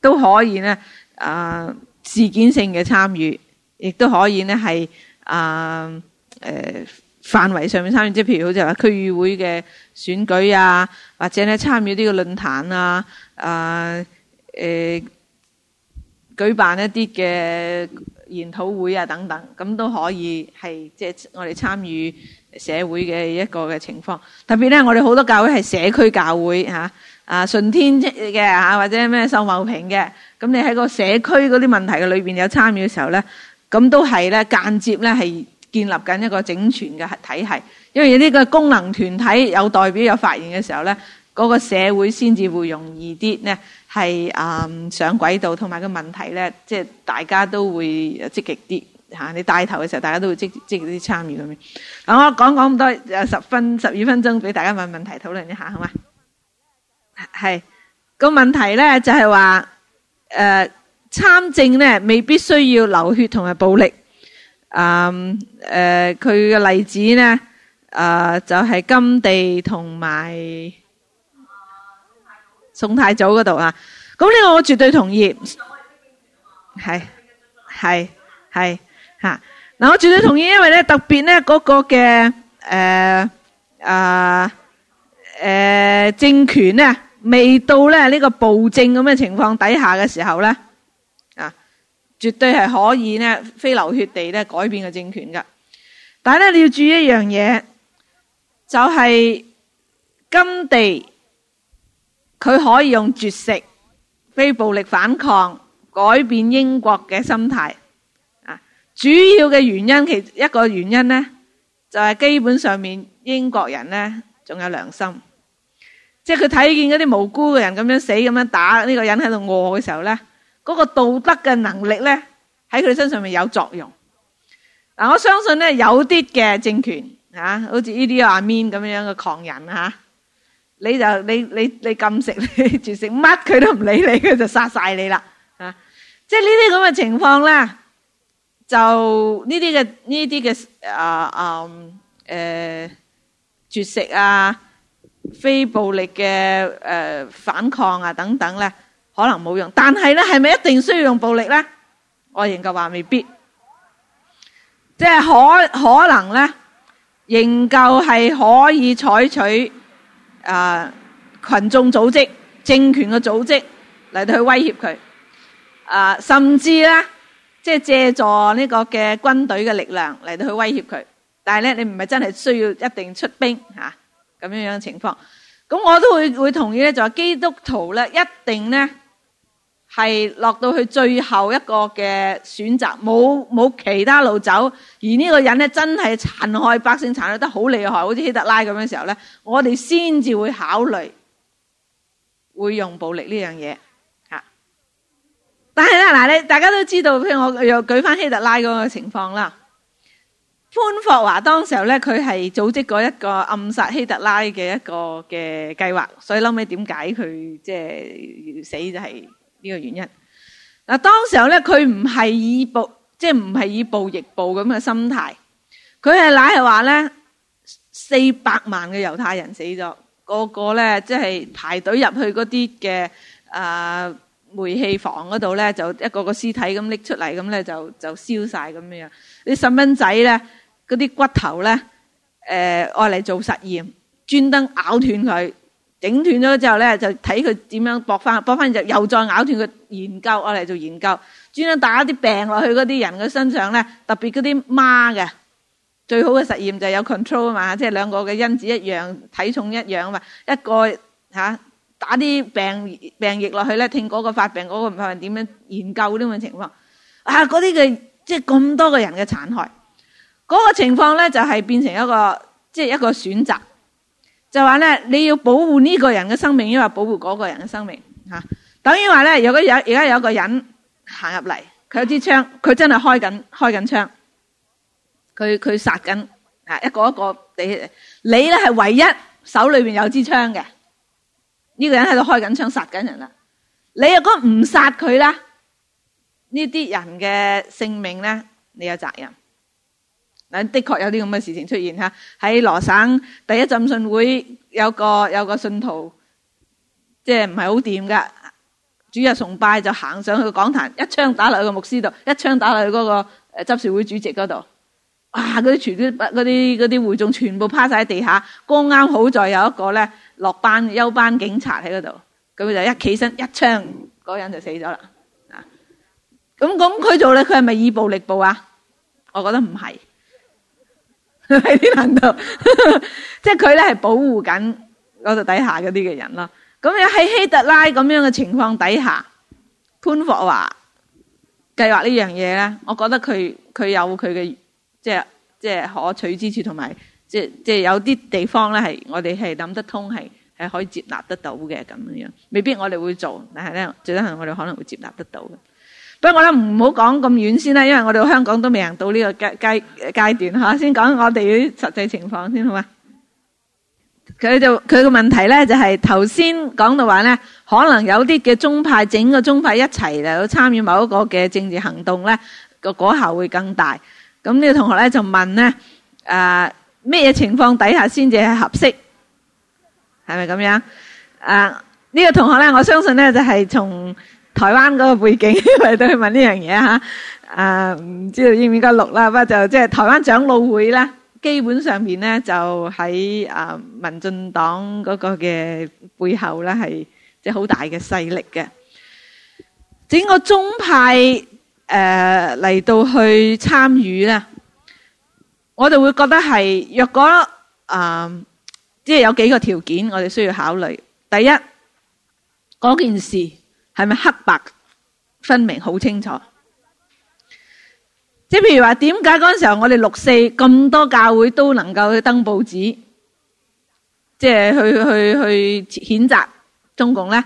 都可以咧啊、呃、事件性嘅參與，亦都可以咧係啊誒。範圍上面參與，即係譬如好似話區議會嘅選舉啊，或者咧參與呢個論壇啊，啊、呃、誒、呃、舉辦一啲嘅研討會啊等等，咁都可以係即係我哋參與社會嘅一個嘅情況。特別咧，我哋好多教會係社區教會嚇，啊順天嘅嚇、啊，或者咩秀茂平嘅，咁你喺個社區嗰啲問題嘅裏邊有參與嘅時候咧，咁都係咧間接咧係。建立緊一個整全嘅體系，因為呢個功能團體有代表有發言嘅時候咧，嗰個社會先至會容易啲咧，係上軌道，同埋個問題咧，即係大家都會積極啲吓，你帶頭嘅時候，大家都會積積極啲參與咁。嗱，我講講咁多，十分十二分鐘，俾大家問問題討論一下，好嘛？係個問題咧，就係話誒參政咧，未必需要流血同埋暴力。嗯、um, 呃，誒，佢嘅例子咧，啊、呃，就係、是、甘地同埋宋太祖嗰度啊。咁呢個我絕對同意，係係係吓。嗱、啊，我絕對同意，因為咧特別咧嗰個嘅誒啊誒政權咧，未到咧呢、這個暴政咁嘅情況底下嘅時候咧。絕對係可以呢，非流血地咧改變個政權噶。但係咧，你要注意一樣嘢，就係、是、甘地佢可以用絕食、非暴力反抗改變英國嘅心態。啊，主要嘅原因其一個原因呢，就係、是、基本上面英國人呢仲有良心，即係佢睇見嗰啲無辜嘅人咁樣死咁樣打呢、這個人喺度餓嘅時候呢。嗰、那個道德嘅能力咧，喺佢身上面有作用。嗱、啊，我相信咧，有啲嘅政權啊，好似呢啲阿 Man 咁樣嘅狂人嚇、啊，你就你你你禁食你絕食，乜佢都唔理你，佢就殺晒你啦、啊、即係呢啲咁嘅情況啦，就呢啲嘅呢啲嘅啊啊誒絕食啊、非暴力嘅、呃、反抗啊等等咧。可能冇用，但係咧係咪一定需要用暴力咧？我仍舊話未必，即係可可能咧，仍舊係可以採取啊群眾組織、政權嘅組織嚟到去威脅佢啊，甚至咧即係借助呢個嘅軍隊嘅力量嚟到去威脅佢。但係咧，你唔係真係需要一定出兵吓咁樣樣嘅情況。咁我都會會同意咧，就係基督徒咧，一定咧。係落到去最後一個嘅選擇，冇冇其他路走，而呢個人咧真係殘害百姓殘害得好厲害，好似希特拉咁嘅時候咧，我哋先至會考慮會用暴力呢樣嘢吓。但係咧嗱，你大家都知道，譬如我又舉翻希特拉嗰個情況啦，潘霍華當時候咧，佢係組織過一個暗殺希特拉嘅一個嘅計劃，所以諗尾點解佢即係死就係、是。呢個原因嗱，當時候咧，佢唔係以暴，即唔係以暴易暴咁嘅心態，佢係乃係話咧，四百萬嘅猶太人死咗，個個咧即係排隊入去嗰啲嘅啊煤氣房嗰度咧，就一個個屍體咁拎出嚟咁咧，就就燒曬咁樣。啲細蚊仔咧，嗰啲骨頭咧，誒愛嚟做實驗，專登咬斷佢。整斷咗之後咧，就睇佢點樣搏翻，搏翻就又再咬斷佢研究，我嚟做研究，專登打啲病落去嗰啲人嘅身上咧，特別嗰啲媽嘅最好嘅實驗就係有 control 啊嘛，即係兩個嘅因子一樣，體重一樣啊嘛，一個吓、啊、打啲病病疫落去咧，聽嗰個發病嗰、唔發病點樣研究呢咁嘅情況，啊嗰啲嘅即係咁多個人嘅殘害，嗰、那個情況咧就係、是、變成一個即係一個選擇。就話咧，你要保護呢個人嘅生命，亦或保護嗰個人嘅生命吓、啊。等於話咧，如果而家有，有一個人行入嚟，佢有支槍，佢真係開緊開緊槍，佢佢殺緊啊一個一個你你咧係唯一手裏邊有支槍嘅呢、這個人喺度開緊槍殺緊人啦。你如果唔殺佢啦，呢啲人嘅性命咧，你有責任。嗱，的確有啲咁嘅事情出現吓，喺羅省第一浸信會有個有個信徒，即係唔係好掂噶？主日崇拜就行上去講壇，一槍打落去個牧師度，一槍打落去嗰個誒執事會主席嗰度。哇、啊！嗰啲全嗰啲嗰啲會眾全部趴晒喺地下。剛啱好在有一個咧落班休班警察喺嗰度，咁佢就一起身一槍，嗰人就死咗啦。啊！咁咁佢做咧，佢係咪以暴力暴啊？我覺得唔係。喺 啲難度， 即係佢咧係保護緊嗰度底下嗰啲嘅人啦。咁樣喺希特拉咁樣嘅情況底下，潘霍華計劃呢樣嘢咧，我覺得佢佢有佢嘅即係即係可取之處，同埋即即係有啲地方咧係我哋係諗得通係，係係可以接納得到嘅咁樣樣。未必我哋會做，但係咧最緊要我哋可能會接納得到嘅。不過我都唔好講咁遠先啦，因為我哋香港都未行到呢個階階階段吓，先講我哋啲實際情況先好嘛。佢就佢個問題咧、就是，就係頭先講到話咧，可能有啲嘅宗派，整個宗派一齊嚟到參與某一個嘅政治行動咧，個果效會更大。咁呢個同學咧就問咧，誒咩嘢情況底下先至係合適？係咪咁樣？誒、呃、呢、呢個同學咧，我相信咧就係從。台灣嗰個背景嚟到去問呢樣嘢嚇，啊，唔知道應唔應該錄啦，不過就即係台灣長老會咧，基本上面咧就喺啊民進黨嗰個嘅背後咧係即係好大嘅勢力嘅。整個宗派誒嚟、呃、到去參與咧，我哋會覺得係若果啊，即、呃、係、就是、有幾個條件，我哋需要考慮。第一，嗰件事。係咪黑白分明好清楚？即係譬如話，點解嗰陣時候我哋六四咁多教會都能夠去登報紙，即係去去去,去譴責中共咧？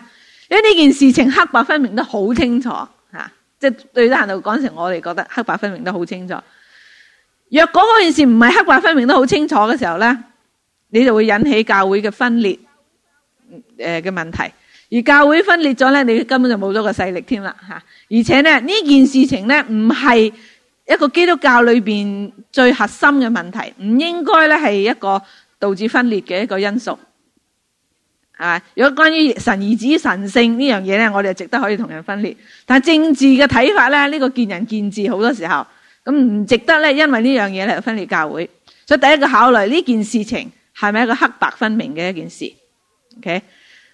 因為呢件事情黑白分明得好清楚吓，啊，即係對得閒度。嗰陣時我哋覺得黑白分明得好清楚。若果嗰件事唔係黑白分明得好清楚嘅時候咧，你就會引起教會嘅分裂，誒、呃、嘅問題。而教會分裂咗咧，你根本就冇咗個勢力添啦吓。而且咧呢件事情咧，唔係一個基督教裏邊最核心嘅問題，唔應該咧係一個導致分裂嘅一個因素。係嘛？如果關於神兒子神性呢樣嘢咧，我哋就值得可以同人分裂。但係政治嘅睇法咧，呢個見仁見智，好多時候咁唔值得咧，因為呢樣嘢嚟分裂教會。所以第一個考慮呢件事情係咪一個黑白分明嘅一件事？OK，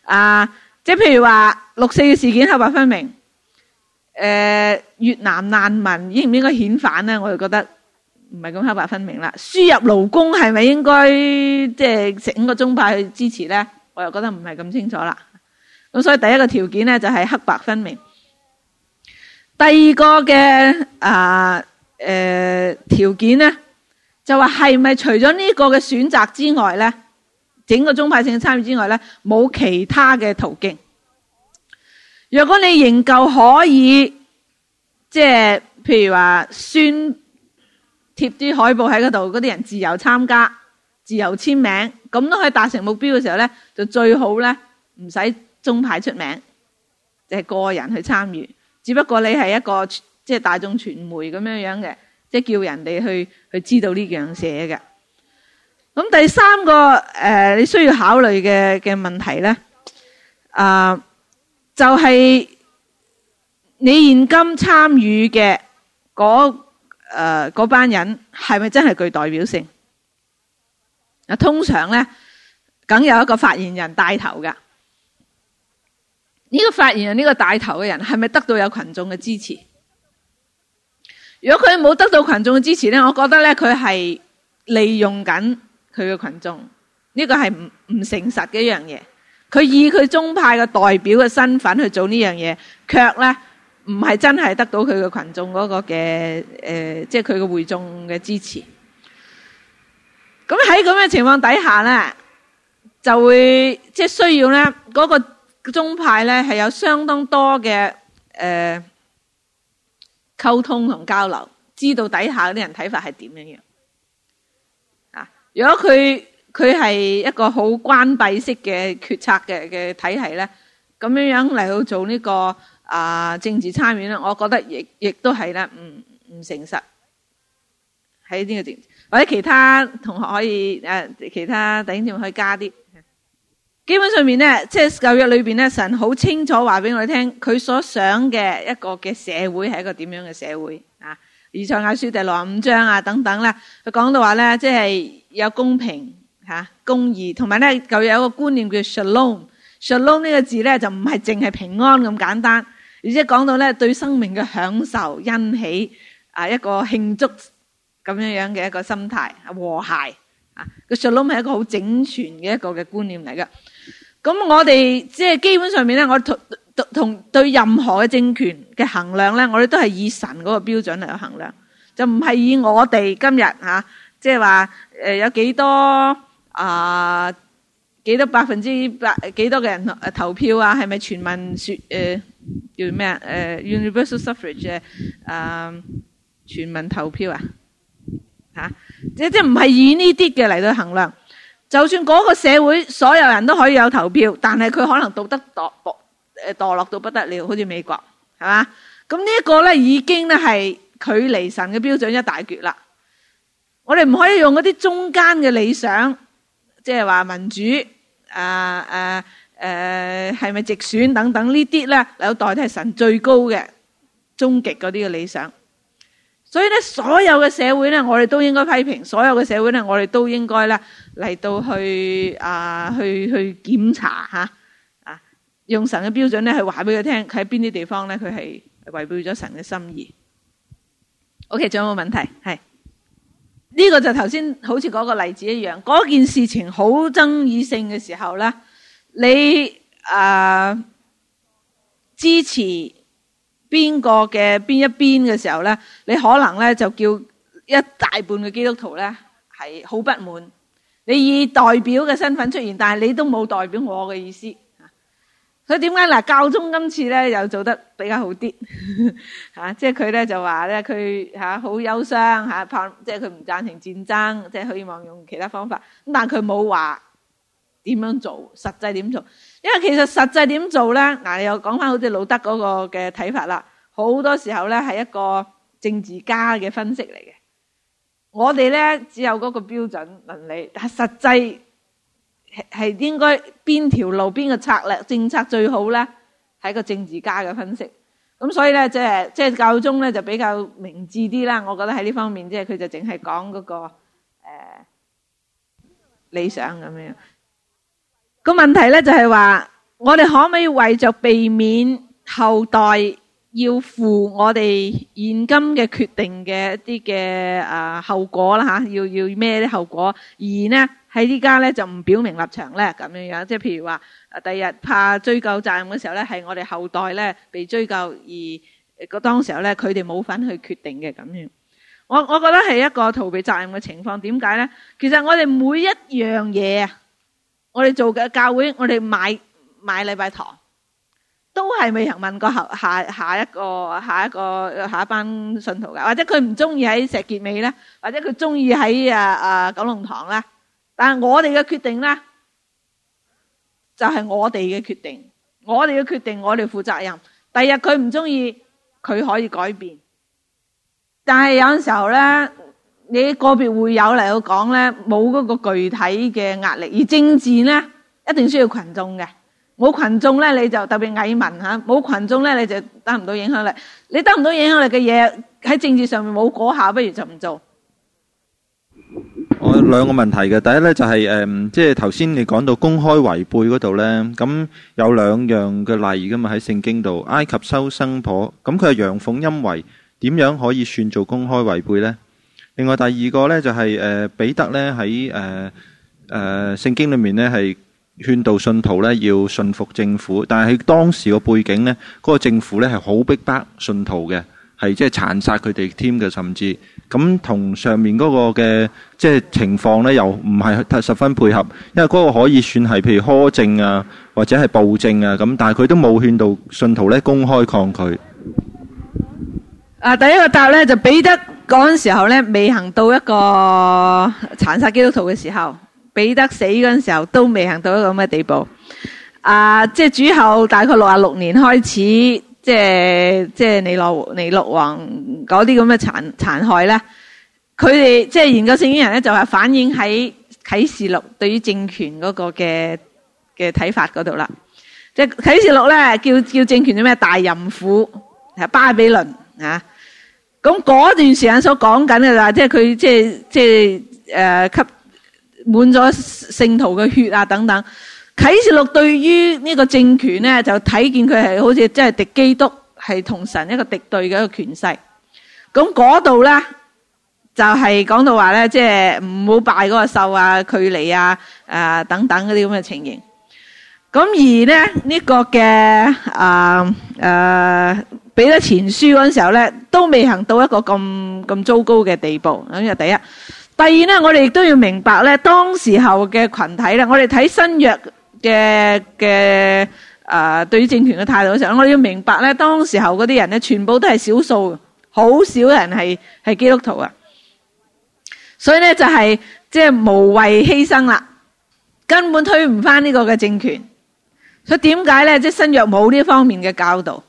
啊。即係譬如話六四嘅事件黑白分明，誒、呃、越南難民應唔應該遣返咧？我就覺得唔係咁黑白分明啦。輸入勞工係咪應該即係、就是、整個宗派去支持咧？我又覺得唔係咁清楚啦。咁所以第一個條件咧就係、是、黑白分明。第二個嘅啊誒條件咧就話係咪除咗呢個嘅選擇之外咧？整個中派性嘅參與之外咧，冇其他嘅途徑。若果你仍舊可以，即係譬如話宣貼啲海報喺嗰度，嗰啲人自由參加、自由簽名，咁都可以達成目標嘅時候咧，就最好咧唔使中派出名，即係個人去參與。只不過你係一個即係大眾傳媒咁樣樣嘅，即係叫人哋去去知道呢樣寫嘅。咁第三個誒、呃，你需要考慮嘅嘅問題咧，啊、呃，就係、係、你現今參與嘅嗰誒嗰班人係咪真係具代表性？啊，通常咧，梗有一個發言人帶頭噶。呢、呢個發言人呢、呢個帶頭嘅人係咪得到有群眾嘅支持？如果佢冇得到群眾嘅支持咧，我覺得咧佢係利用緊佢嘅群眾呢、這個係唔唔誠實嘅一樣嘢，佢以佢宗派嘅代表嘅身份去做卻呢樣嘢，卻咧唔係真係得到佢嘅群眾嗰個嘅誒，即係佢嘅會眾嘅支持。咁喺咁嘅情況底下咧，就會即係、就是、需要咧嗰、那個宗派咧係有相當多嘅誒溝通同交流，知道底下嗰啲人睇法係點樣樣。如果佢佢係一個好關閉式嘅決策嘅嘅體系咧，咁樣樣嚟去做呢、這個啊、呃、政治參與咧，我覺得亦亦都係咧，唔唔誠實喺呢個點，或者其他同學可以誒、呃，其他弟兄可以加啲。基本上呢、就是、面咧，即係舊約裏邊咧，神好清楚話俾我哋聽，佢所想嘅一個嘅社會係一個點樣嘅社會。以賽亞書第六十五章啊等等啦，佢講到話咧，即係有公平、啊、公義，同埋咧又有一個觀念叫 shalom。shalom 呢個字咧就唔係淨係平安咁簡單，而且講到咧對生命嘅享受、欣喜啊一個慶祝咁樣樣嘅一個心態、和諧啊、個 shalom 係一個好整全嘅一個嘅觀念嚟嘅。咁我哋即係基本上面咧，我。同對任何嘅政權嘅衡量咧，我哋都係以神嗰個標準嚟去衡量，就唔係以我哋今日嚇、啊，即係話、呃、有幾多啊幾多百分之百幾多嘅人投票啊？係咪全民説、呃、叫咩啊、呃、？universal suffrage 嘅、啊、誒全民投票啊？啊即即唔係以呢啲嘅嚟到衡量，就算嗰個社會所有人都可以有投票，但係佢可能道德墮誒，墮落到不得了，好似美國，係嘛？咁呢一個咧，已經咧係距離神嘅標準一大橛啦。我哋唔可以用嗰啲中間嘅理想，即係話民主，誒誒誒，係咪直選等等呢啲咧，嚟代替神最高嘅終極嗰啲嘅理想。所以咧，所有嘅社會咧，我哋都應該批評；所有嘅社會咧，我哋都應該咧嚟到去啊，去去檢查吓。用神嘅標準咧，去話俾佢聽，佢喺邊啲地方咧，佢係違背咗神嘅心意。OK，仲有冇問題？係呢、這個就頭先好似嗰個例子一樣，嗰件事情好爭議性嘅時候咧，你誒、呃、支持邊個嘅邊一邊嘅時候咧，你可能咧就叫一大半嘅基督徒咧係好不滿。你以代表嘅身份出現，但係你都冇代表我嘅意思。佢點解嗱？教宗今次咧又做得比較好啲，吓，即係佢咧就話咧，佢吓好憂傷吓，怕即係佢唔贊成戰爭，即係希望用其他方法。咁但係佢冇話點樣做，實際點做？因為其實實際點做咧，嗱，你又講翻好似路德嗰個嘅睇法啦。好多時候咧係一個政治家嘅分析嚟嘅，我哋咧只有嗰個標準倫理，但係實際。係應該邊條路，邊個策略、政策最好咧？係一個政治家嘅分析。咁所以咧，即係即係教宗咧就比較明智啲啦。我覺得喺呢方面，即係佢就淨係講嗰個誒、呃、理想咁樣。咁問題咧就係、是、話，我哋可唔可以為着避免後代要付我哋現今嘅決定嘅一啲嘅誒後果啦吓、啊？要要咩啲後果而呢喺依家咧就唔表明立場咧咁樣樣，即係譬如話，第日怕追究責任嘅時候咧，係我哋後代咧被追究，而個當時候咧佢哋冇份去決定嘅咁樣。我我覺得係一個逃避責任嘅情況。點解咧？其實我哋每一樣嘢啊，我哋做嘅教會，我哋買買禮拜堂，都係未問過下下下一個下一個下一班信徒噶，或者佢唔中意喺石硤尾咧，或者佢中意喺啊啊九龍塘啦。但係我哋嘅決定咧，就係、是、我哋嘅決定，我哋嘅決定，我哋負責任。第日佢唔中意，佢可以改變。但係有陣時候咧，你個別會友嚟去講咧，冇嗰個具體嘅壓力。而政治咧，一定需要群眾嘅。冇群眾咧，你就特別蟻民吓。冇群眾咧，你就得唔到影響力。你得唔到影響力嘅嘢，喺政治上面冇嗰下，不如就唔做。兩個問題嘅，第一呢、就是嗯，就係誒，即係頭先你講到公開違背嗰度呢，咁有兩樣嘅例噶嘛喺聖經度，埃及收生婆，咁佢係陽奉陰違，點樣可以算做公開違背呢？另外第二個、就、呢、是，就係誒，彼得呢，喺誒誒聖經裏面呢，係勸導信徒呢要順服政府，但係喺當時個背景呢，嗰、那個政府呢係好逼迫信徒嘅。係即係殘殺佢哋添嘅，甚至咁同上面嗰個嘅即係情況咧，又唔係太十分配合，因為嗰個可以算係譬如苛政啊，或者係暴政啊，咁但係佢都冇勸導信徒咧公開抗拒。啊，第一個答案咧就彼得嗰陣時候咧未行到一個殘殺基督徒嘅時候，彼得死嗰陣時候都未行到一個咁嘅地步。啊，即係主後大概六啊六年開始。即係即係尼羅尼羅王嗰啲咁嘅殘殘害咧，佢哋即係研究聖經人咧，就係、是、反映喺啟示錄對於政權嗰個嘅嘅睇法嗰度啦。即係啟示錄咧，叫叫政權做咩大淫婦係巴比倫啊？咁嗰段時間所講緊嘅啦，即係佢即係即係、呃、吸滿咗聖徒嘅血啊等等。啟示錄對於呢個政權咧，就睇見佢係好似即係敵基督，係同神一個敵對嘅一個權勢。咁嗰度咧，就係講到話咧，即係唔好拜嗰個獸啊、佢嚟啊、啊等等嗰啲咁嘅情形。咁而咧呢個嘅啊誒，彼得前書嗰陣時候咧，都未行到一個咁咁糟糕嘅地步。咁就，第一，第二咧，我哋亦都要明白咧，當時候嘅群體咧，我哋睇新約。嘅嘅，誒、呃，對於政權嘅態度上，我候，我要明白咧，當時候嗰啲人咧，全部都係少數，好少人係係基督徒啊，所以咧就係、是、即係無謂犧牲啦，根本推唔返呢個嘅政權。所以點解咧，即係新約冇呢方面嘅教導，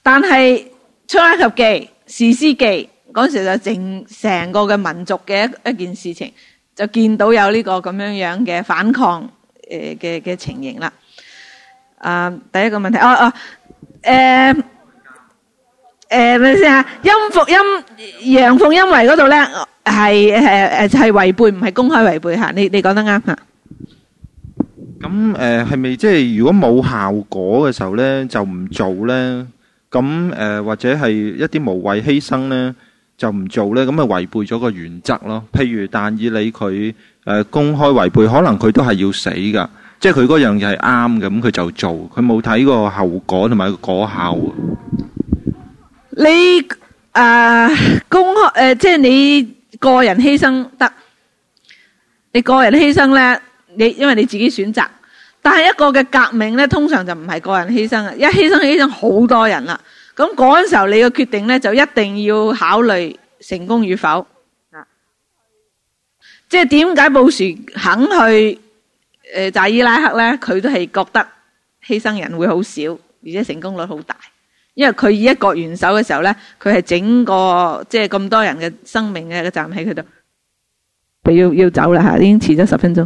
但係出埃及記、士師記嗰時候就整成個嘅民族嘅一,一件事情，就見到有呢、這個咁樣樣嘅反抗。嘅嘅嘅情形啦，啊，第一個問題，哦哦，誒誒，問下，陰奉陰陽奉陰違嗰度咧，係誒誒係違背，唔係公開違背吓，你你講得啱吓？咁誒，係咪即係如果冇效果嘅時候咧，就唔做咧？咁誒，或者係一啲無謂犧牲咧，就唔做咧？咁咪違背咗個原則咯。譬如但以理佢。誒，公開違背，可能佢都係要死噶，即係佢嗰樣嘢係啱嘅，咁佢就做，佢冇睇個後果同埋個果效。你誒，公開誒，即係你個人犧牲得，你個人犧牲咧，你因為你自己選擇，但係一個嘅革命咧，通常就唔係個人犧牲啊，一犧牲犧牲好多人啦，咁嗰陣時候你嘅決定咧，就一定要考慮成功與否。即係點解布殊肯去誒炸、呃、伊拉克咧？佢都係覺得犧牲人會好少，而且成功率好大。因為佢以一國元首嘅時候咧，佢係整個即係咁多人嘅生命嘅個站喺佢度，佢要要走啦，吓，已經遲咗十分鐘。